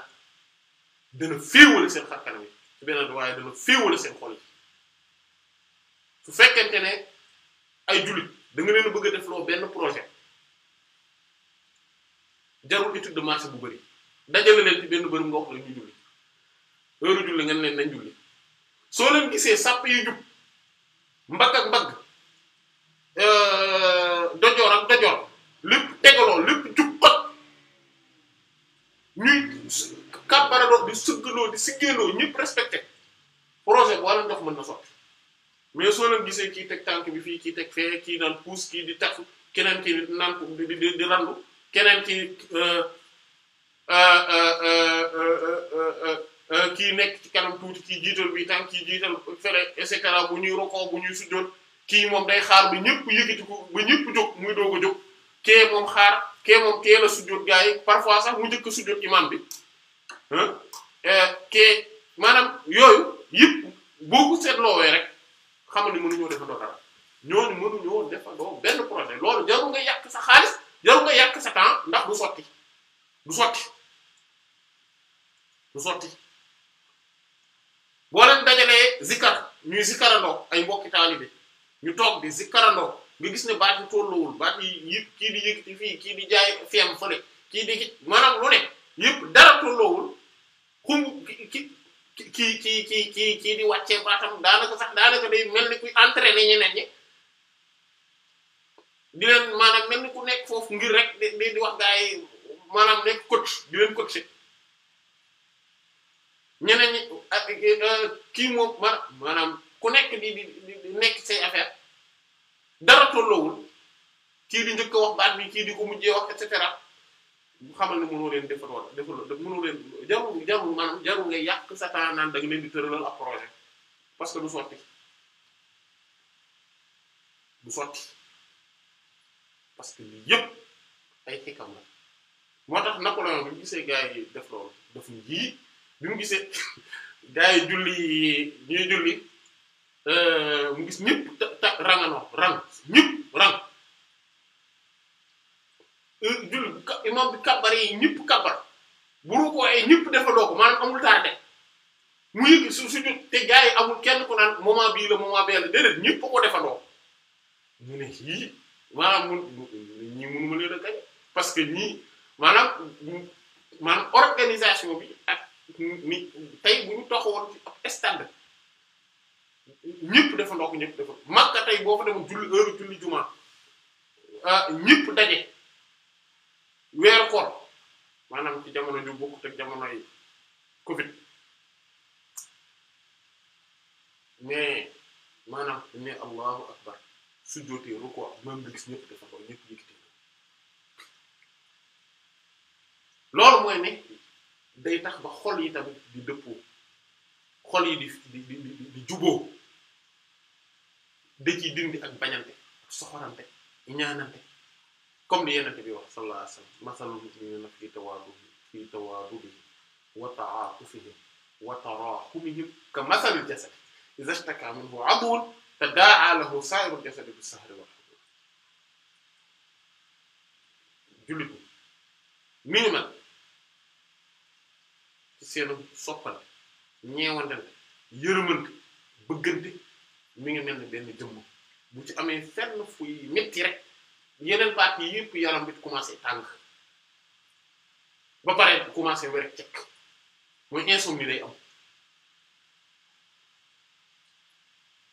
[SPEAKER 2] dana féewale seen xarkanam yi waaye dana féewale seen xol yi su fekkente ne ay jullit danga leen bëgg a def loo benn projet jarul étude de marché bu bëri dajale leen ci benn bërëb nga wax la ñu julli heure julli ngeen leen nañ julli soo leen gisee sàpp yu jub mbagg ak mbagg euh, dojoor ak dojoor lépp tegaloo lépp jub kot ñuy kàbbaraloo di sëggaloo di siggeeloo ñëpp respecté projet bi wala ndox mën na sotti mais soo leen gisee kii teg tànk bi fii kii teg fee kii naan puus kii di tax keneen kii di naan di di di randu keneen kii. Euh, euh, Euh, kii nekk ci kanam tuuti kii jiital bi tànk kii jiital fere et cetera bu ñuy rokoo bu ñuy sujjoot kii moom day xaar ba ñëpp yëkkati ko ba ñëpp jóg muy doog a jóg kee moom xaar kee moom kee la sujjoot gaa yi parfois sax mu njëkk a sujjoot imam bi euh, kee maanaam yooyu yëpp boo ko seetloowee rek xamal ni mënuñoo defandoo dara ñooñu mënuñoo benn projet loolu jarul nga yàq sa xaalis jarul nga yàq sa temps ndax du du sotti du sotti.
[SPEAKER 1] boo leen dajalee zikkar
[SPEAKER 2] ñuy zikkarandoo ay mbokki taalibe ñu toog di zikkarandoo nga gis ne baat yi tolluwul baat yëpp kii di yëkkati fii kii di jaay fiem fële kii di maanaam lu ne yëpp dara tolluwul xum ki ki kii kii kii kii di wàccee baatam daanaka sax daanaka day mel ni kuy entraîner ñeneen ñi di leen maanaam mel ni ku nekk foofu ngir rek di di wax gaa yi maanaam nekk coach di leen ñeneen ñi ah, euh, kii moom maanaam ku nekk di di di nekk say affaire dara tolloowul kii di njëkk wax baat bi kii di ko mujjee wax et cetera bu xamal ne mënoo leen defar wala defar mënoo leen jarul jarul maanaam jarul ngay yàq sa temps naan da nga leen di tëralal ak projet parce que du sotti du sotti parce que lii yëpp ay xikam la moo tax Napoléon bi gisee gars def loolu daf ñu bi mu gisee gars yi julli julli euh, mu gis ñëpp ta ta ranganoo rang ñëpp rang euh, julli imam bi kabar yi ñëpp kabar bu rukkooyee ñëpp defandoo ko maanaam amul tardé mu yëg su su jot te gars amul kenn ku naan moment bii la moment bee la déedéet ñëpp ko defandoo mu ne yii maanaam ñii mënu ma leen a gañ parce que ñii maanaam maanaam organisation bi ak ni tey bu ñu taxawoon ci ab stade ñëpp dafa ndox ñëpp dafa Makka tey boo fa demoon julli heure julli jumaa ah, ñëpp daje weeru koor maanaam ci jamono ju bokkut ak jamonoy Covid mais maanaam ne allahu akbar sujjóotee rukkoo maam nga gis ñëpp dafa ko ñëpp yëkkati loolu mooy ne. day tax ba xol yi tamit di dëppoo xol yi di di di di juboo da ciy dindi ak bañante ak soxorante ñaanante comme li yenente bi wax sallallahu alayhi wasallam masalul mu'minina fii tawaaduhi fii tawaaduhi wa ta'aatufihim wa taraahumihim ka masalil jasad idha ishtakaa minhu 'udwun tadaa'a lahu saa'irul jasadi bis-sahri wal jullit ñi seenu soppante ñeewante ne yërëmante bëggante mi ngi mel ni benn jëmm bu ci amee fenn fuy metti rek yeneen baat yi yëpp yaram bi commencé tàng ba pare commencé wér ak cekk mooy insomnie day am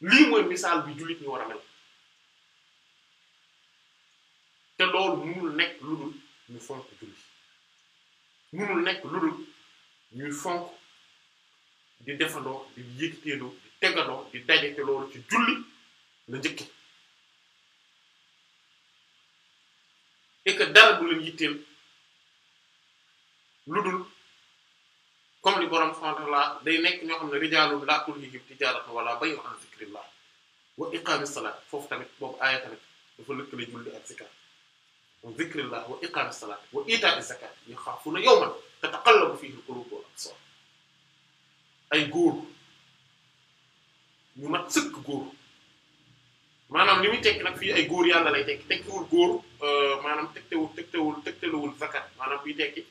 [SPEAKER 2] lii mooy misaal bi jullit ñu war a mel te loolu munul nekk lu dul ñu fonk julli munul nekk lu dul ñuy fonk di defandoo di yëkkiteedoo di tegadoo di daje te loolu ci julli la njëkke et que dara du leen lu dul comme li borom subhanahu wa day nekk ñoo xam ne rijaalun laa tulhiihim tijaaratu wala bay'un an zikrillah wa iqaamis salaat foofu tamit boobu aaya tamit dafa lëkkale julli ak zikr an zikrillah wa iqaamis salaat wa iitaa'iz zakaat yaxaafuuna yawman tataqallabu fihi al-qulubu wal absar ay góor ñu mat sëkk góor maanaam li muy tekk nag fii ay góor yàlla lay tekki tekkiwul góor maanaam tegtewul tegtewul tegtalewul zakat maanaam fii tekki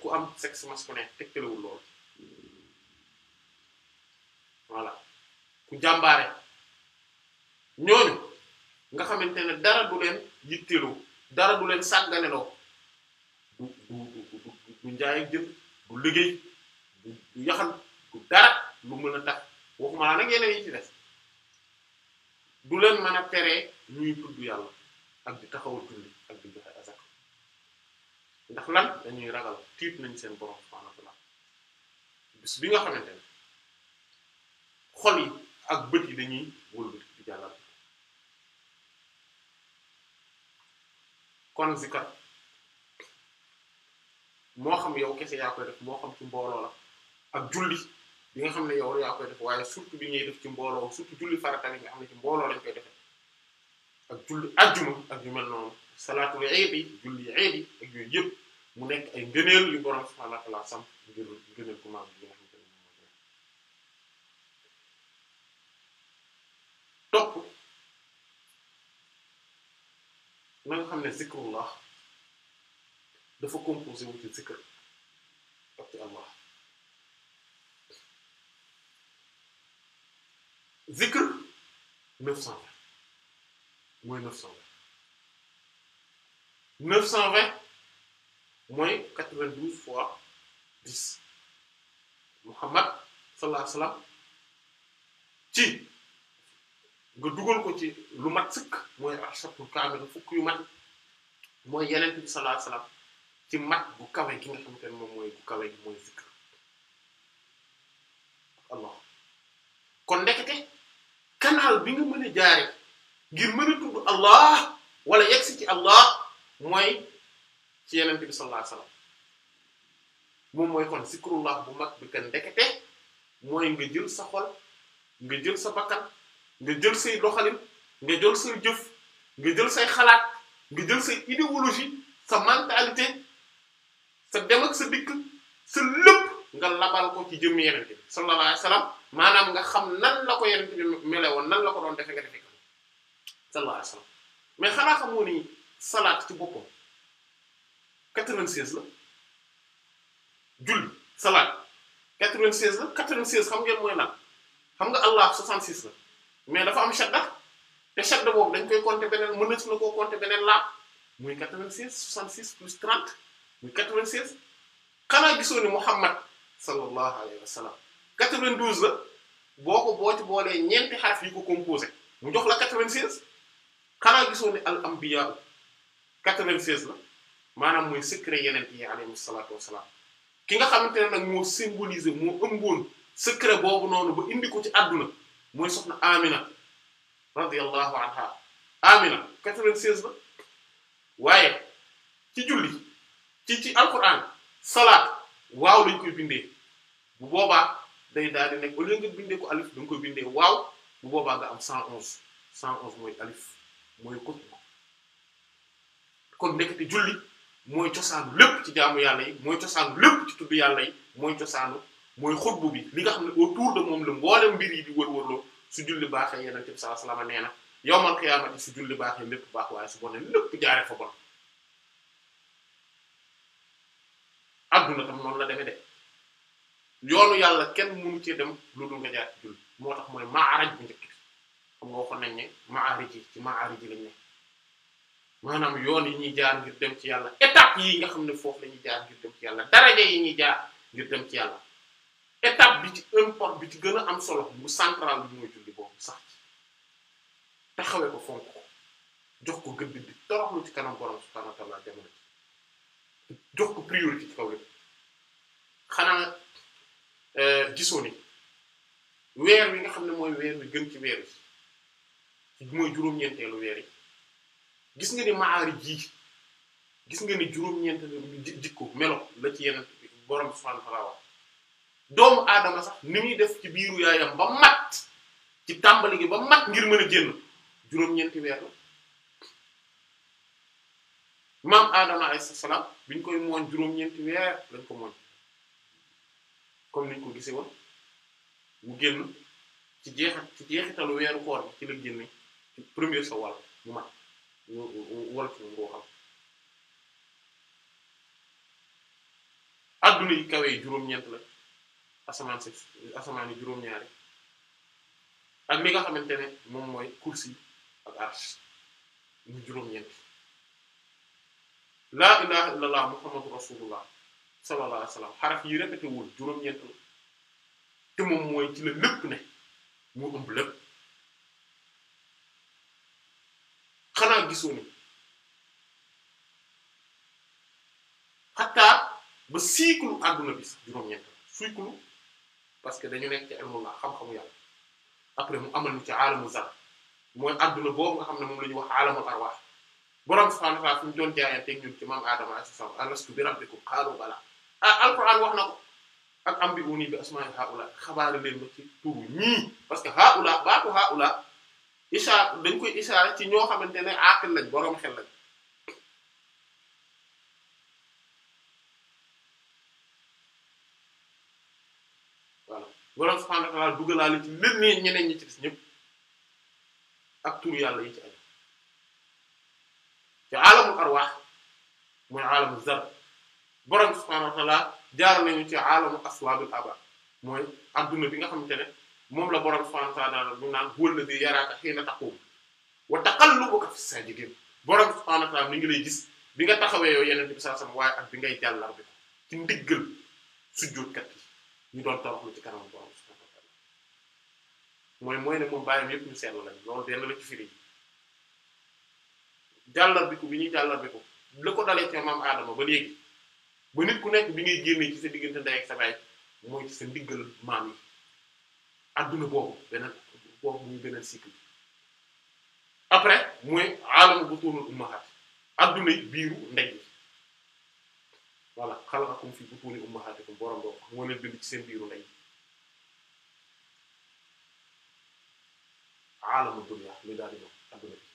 [SPEAKER 2] ku am sexe masculin tegtalewul lool voilà ku jàmbaare ñooñu nga xamante ne dara du leen yitteelu dara du leen sàgganeloo njaay ak jënd du liggéey du yaxal du dara lu mën a tax waxuma la nag yeneen yi ci des du leen mën a teree ñuy tudd yàlla ak di taxawal julli ak di joxe azak ndax lan dañuy ragal tiit nañ seen borom subhanahu wa ta'ala bis bi nga xamante ne xol yi ak bët yi dañuy wëlbati di jàllal kon zikar moo xam yow kese yaa koy def moo xam ci mbooloo la ak julli bi nga xam ne yow yaa koy def waaye surtout bi ñuy def ci mbooloo surtout julli farata bi nga xam ne ci mbooloo lañ koy defe ak julli ajjuma ak yu mel mu nekk ay ngëneel yu borom subhaanahu wa ta'aala topp na xam ne zikrullah dafa composé wu ci zikr ak ci Allah zikr neuf cent vingt mooy neuf cent vingt neuf cent vingt mooy quatre-vingt-douze fois dix Muhammad sallallahu alayhi wasallam ci nga dugal ko ci lu mat sëkk mooy ashatul kaamil fukk yu mat mooy yeneen bi sallallahu alayhi wasallam ci mat bu kawe gi nga xamante ne moom mooy bu kawe gi mooy zikr allah kon ndekete canal bi nga mën a jaare ngir mën a tudd allah wala yegsi ci allah mooy ci yenent bi sallallahu alayhi wasallam moom mooy kon zikrullah bu mag bi kan mooy nga jël sa xol nga jël sa bakkan nga jël say doxalin nga jël say jëf nga jël say xalaat nga jël say idéologie sa mentalité sa dem ak sa dikk sa lépp nga labal ko ci jëmm yenente bi sallallahu alayhi wasallam maanaam nga xam nan la ko yenente woon nan la ko doon defe nga defe mais xanaa xamoo ni salaat ci boppam 96 la julli salaat 96 la 96 xam ngeen mooy lan xam nga allah 66 la mais dafa am shadda te shadda boobu dañ koy compter beneen mën na si na koo compter beneen laab muy 96 66 plus 30 muy 96 xanaa gisoo ni Muhammad sallallahu alayhi wa sallam 92 la boo ko boo boolee ñeenti xaraf yi ko composé mu jox la 96 xanaa gisoo ni al anbiya 96 la maanaam mooy secret yeneen yi alayhi salaatu wa ki nga xamante ne nag moo symbolisé moo ëmboon secret boobu noonu ba indi ko ci àdduna mooy soxna Amina radiyallahu anha Amina 96 la waaye ci julli. ci ci alquran salaat waaw lañ koy bindee bu boobaa day daal di nekk au lieu nga bindee ko alif da nga koy bindee waaw bu boobaa nga am 111 111 mooy alif mooy kot kon nekk te julli mooy cosaanu lépp ci jaamu yàlla yi mooy cosaanu lépp ci yàlla yi mooy cosaanu mooy bi li nga xam ne autour de moom la mboolem mbir yi di wër-wërloo su julli baaxee yeneen ci sallallahu alayhi wasallam nee na yawmal qiyaamati su julli baaxee lépp baax waaye su bonee lépp jaaree fa bon. àdduna tam noonu la demee de yoonu yàlla kenn mënu ci dem lu dul nga jaar ci julli moo tax mooy maaraj bu njëkk xam nga waxoon nañ ne maarij yi ci maarij yi lañ ne maanaam yoon yi ñuy jaar ngir dem ci yàlla étape yi nga xam ne foofu lañuy jaar ngir dem ci yàlla daraja dem ci bi ci import bi ci gën a am solo bu central bi mooy julli boobu sax ci taxawee ko fonk ko jox ko gëdd di toroxlu ci kanam borom subhanahu wa ta'ala jamono ci jox ko priorité ci kaw xanaa euh, gisoo ni weer wi nga xam ne mooy weer wi gën ci weer wi mooy juróom-ñeenteelu weer yi gis nga ni maari ji gis nga ni juróom-ñeenteelu jikko melo la ci yeneen borom subhaanahu wa ta'aala doomu aadama sax ni muy def ci biiru yaayam ba mat ci tàmbali gi ba mat ngir mën a génn juróom-ñeenti weer la maam aadama alayhi salaam bi ñu koy mooñ juróom-ñeenti weer lañ ko mooñ comme niñ ko gisi woon mu génn ci jeexat ci jeexitalu weeru koor ci la génne ci premier sa wàll mat ñu ngoo xam adduna yi kawe juróom-ñeent la asamaan si asamaan yi juróom-ñaari ak li nga xamante ne moom mooy kursi ak arsh ñu juróom-ñeent laa ilaha illallah muhammadu rasulullah sallallahu alayhi wa sallam xaraf yi répété wul juróom-ñeent te moom mooy ci la lépp ne moo ëmb lépp xanaa gisoo ni xataa ba cycle àdduna bi juróom-ñeent la parce que dañu nekk ci ilmullah xam-xamu yàlla après mu amal ñu ci aalamu zar mooy àdduna boobu nga xam ne moom la ñuy wax aalamul arwaax borom subhanahu wa ta'ala fu ñu doon jaayanteeg ñun ci maam Adama alayhi salaam alastu bi rabbikum qaalu balaa Ah, alquran wax na ko ak am bi uni bi asma'i haula xabaar leen ma ci turu ñii parce que haula baatu haula ishaar dañ koy ishaar ci ñoo xamante ne aaqil lañ boroom xel lañ voilà boroom subhaanahu wa ta'aala duggalaale ci leen ne ñeneen ñi ci des ñëpp ak turu yàlla yi ci aju te alamul arwaax mooy alamul zar borom subhaanahu jaar nañu ci aalamu aswaabil aba mooy adduna bi nga xamante ne moom la borom subhaanahu bu naan huwa alladhi yaraaka hiina taquum wa taqallubaka fi saajidin borom subhaanahu ngi lay gis bi nga taxawee yow yeneen bi saa sama waaye ak bi ngay jàllar bi ci ndiggal doon toroxlu ci kanam borom subhaanahu wa ta'ala mooy mooy ne moom bàyyam yépp ñu seetlu lañ loolu benn la ci firi jàllar bi ko bi ñuy jàllar ko la ko dalee ci maam Adama ba léegi. ba nit ku nekk bi ngay génnee ci sa diggante ndey ak sa baay mooy ci sa ndiggal maam yi adduna boobu beneen boobu muy beneen cycle après mooy alamu butunul ummahat adduna biiru ndey yi voilà xalaqakum fi butuni ummahatikum borom boobu moo leen bind ci seen biiru ndey alamu dunya mi daal di ñëw adduna bi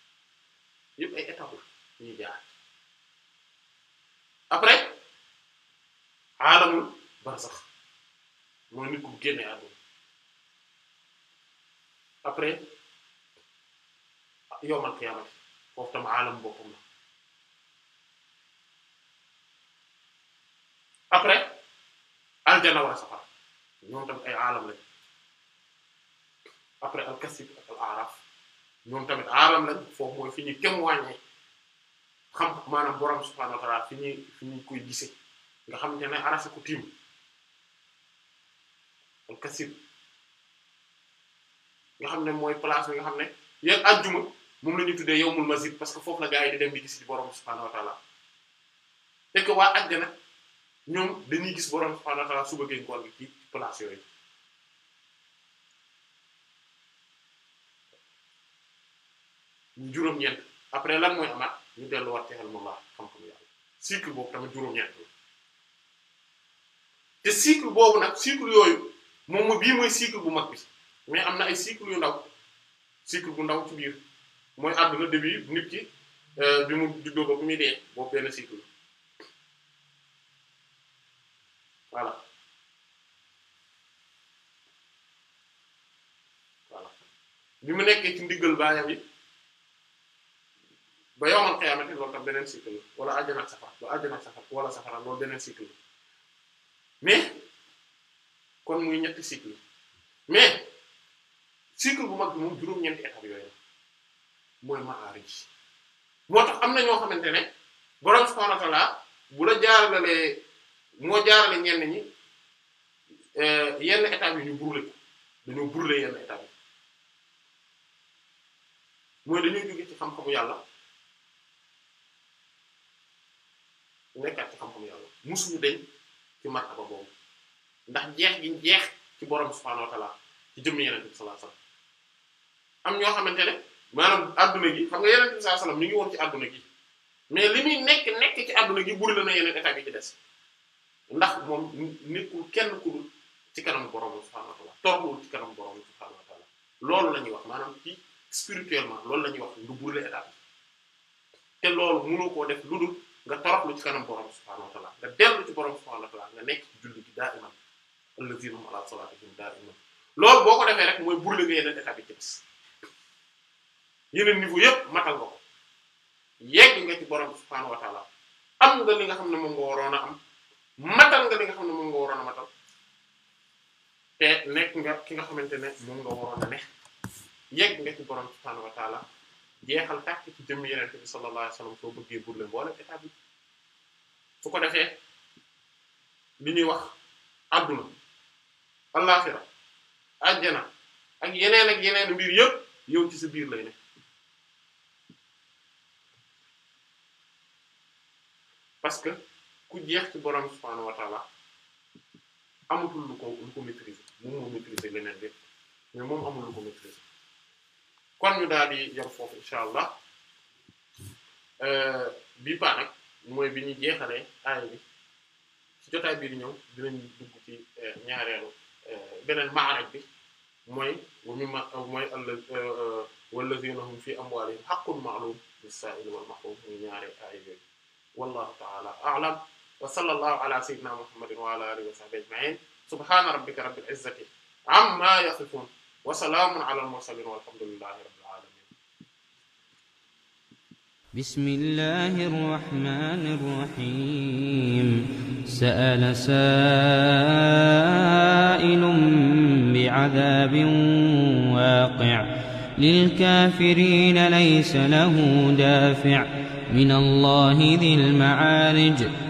[SPEAKER 2] yëpp ay étapes ñuy jaar après. aalamul barsax mooy nit ku génne àdduna après yowmal qiyaama foofu tam aalam boppam la après aljana wala safara ñoom tamit ay aalam lañ après al kasib al aaraf ñoom tamit aalam lañ foofu mooy fi ñuy témoigner xam maanaam borom subhaanahu wa ta'aala fi ñuy fi ñuy koy gisee. nga xam te ne arase ku tiim nga xam ne mooy place bi nga xam ne yéen àjjuma moom la ñu tuddee yawmul masjid parce que foofu la gaa yi di dem di gis borom subhaanahu wa ta'ala et que waa ñoom dañuy gis borom subhaanahu wa ta'ala suba géej ngoon gi ci place yooyu. ñu juróom-ñeent après lan mooy amaat ñu delluwaat ci xel mu baax xam-xam yàlla cycle boobu tamit juróom-ñeent te cycle boobu nag cycle yooyu moom mooy bii mooy cycle bu mag bi mais am na ay cycle yu ndaw cycle bu ndaw ci biir mooy àdduna début nit ki euh, bi mu juddoo ba bu muy dee boobu benn cycle voilà voilà nekkee ci ndiggal baayam yi ba yowmal qiyaamati loolu tam beneen cycle la wala àjjana ak safara ba àjjana ak safara wala safara loolu beneen cycle la mais kon muy ñetti cycle mais cycle bu mag bi moom juróom-ñeenti étape yooyu la mooy maarij moo tax am na ñoo xamante ne borom subhanahu wa ta'ala bu la jaaralee moo jaarale ñenn ñi eh, yenn étape yi ñu brûlé dañoo brûlé yenn étape yi mooy dañoo jóge ci xam-xamu yàlla nekkaat ci xam-xamu deñ ci martaba boobu ndax jeex gi jeex ci borom subhaanahu wa ta'ala ci jëmm yeneen bi sallallahu am ñoo xamante ne maanaam adduna gi xam nga yeneen bi sallallahu alayhi wasallam ñu woon ci adduna gi mais li muy nekk nekk ci adduna gi buri na yeneen état bi ndax moom nekkul kenn ku ci kanam borom subhaanahu wa ta'ala loolu la ñuy wax maanaam ci spirituellement loolu la ñuy wax nga buri la état te loolu mënoo koo def lu dul. nga lu ci kanam borom subhaanahu wa ta'aala nga dellu ci borom subhaanahu wa nga nekk ci julli gi daa iman allaziina hum alaa salaatihim daa iman loolu boo ko defee rek mooy burle nga yeneen état bi ci des yeneen niveau yëpp matal nga ko nga ci borom subhaanahu wa am nga li nga xam ne moom nga waroon a am matal nga li nga xam ne moom nga waroon a matal te nekk nga ki nga xamante ne moom nga waroon a ne yegg nga ci borom subhaanahu wa jeexal tàkk ci jëm yeneen bi sallallahu alayhi wasallam soo bëggee burle mboolem état bi su ko defee li ñuy wax adduna àllaxira àjjana ak yeneen ak yeneen mbir yëpp yow ci sa biir lay ne parce que ku jeex ci borom subhaanahu wa ta'ala amatul lu ko lu ko maîtriser moom moo maîtriser leneen lépp mais moom amul lu ko maîtriser kon ñu daal di yem foofu incha allah euh, bii baax nag mooy bi ñu jeexalee aaya bi ci jotaay bii di ñëw dinañ dugg ci euh, ñaareelu euh, beneen maaraj bi mooy wa mimma mooy alla wallazina hum fi amwalihim haqqun ma'lum lis-sa'il wal mahrum muy ñaare aaya yooyu wallahu ta'ala a'lam wa sallallahu ala sayyidina muhammadin wa ala alihi wa sahbihi ajma'in subhana rabbika rabbil izzati amma yasifun wa salaamun ala al-mursaliin walhamdulillahi rabbil aalamiin.
[SPEAKER 1] bismillahi rahmaani rahiim. sa'ala saa'ilun bi'adaabin waaqi' lilkaafiriina laysa lahu daafi' min Allahi dhil ma'aarij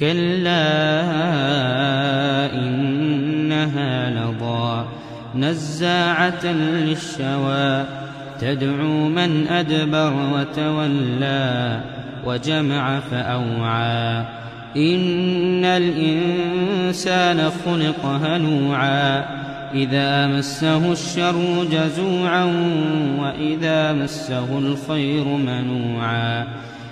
[SPEAKER 1] كلا إنها لضا نزاعة للشوى تدعو من أدبر وتولى وجمع فأوعى إن الإنسان خلق هلوعا إذا مسه الشر جزوعا وإذا مسه الخير منوعا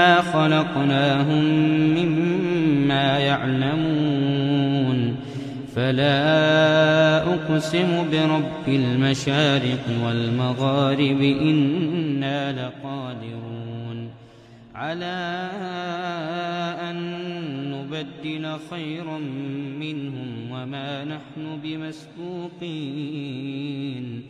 [SPEAKER 1] إِنَّا خَلَقْنَاهُمْ مِمَّا يَعْلَمُونَ فَلَا أُقْسِمُ بِرَبِّ الْمَشَارِقِ وَالْمَغَارِبِ إِنَّا لَقَادِرُونَ عَلَىٰ أَن نُّبَدِّلَ خَيْرًا مِّنْهُمْ وَمَا نَحْنُ بِمَسْبُوقِينَ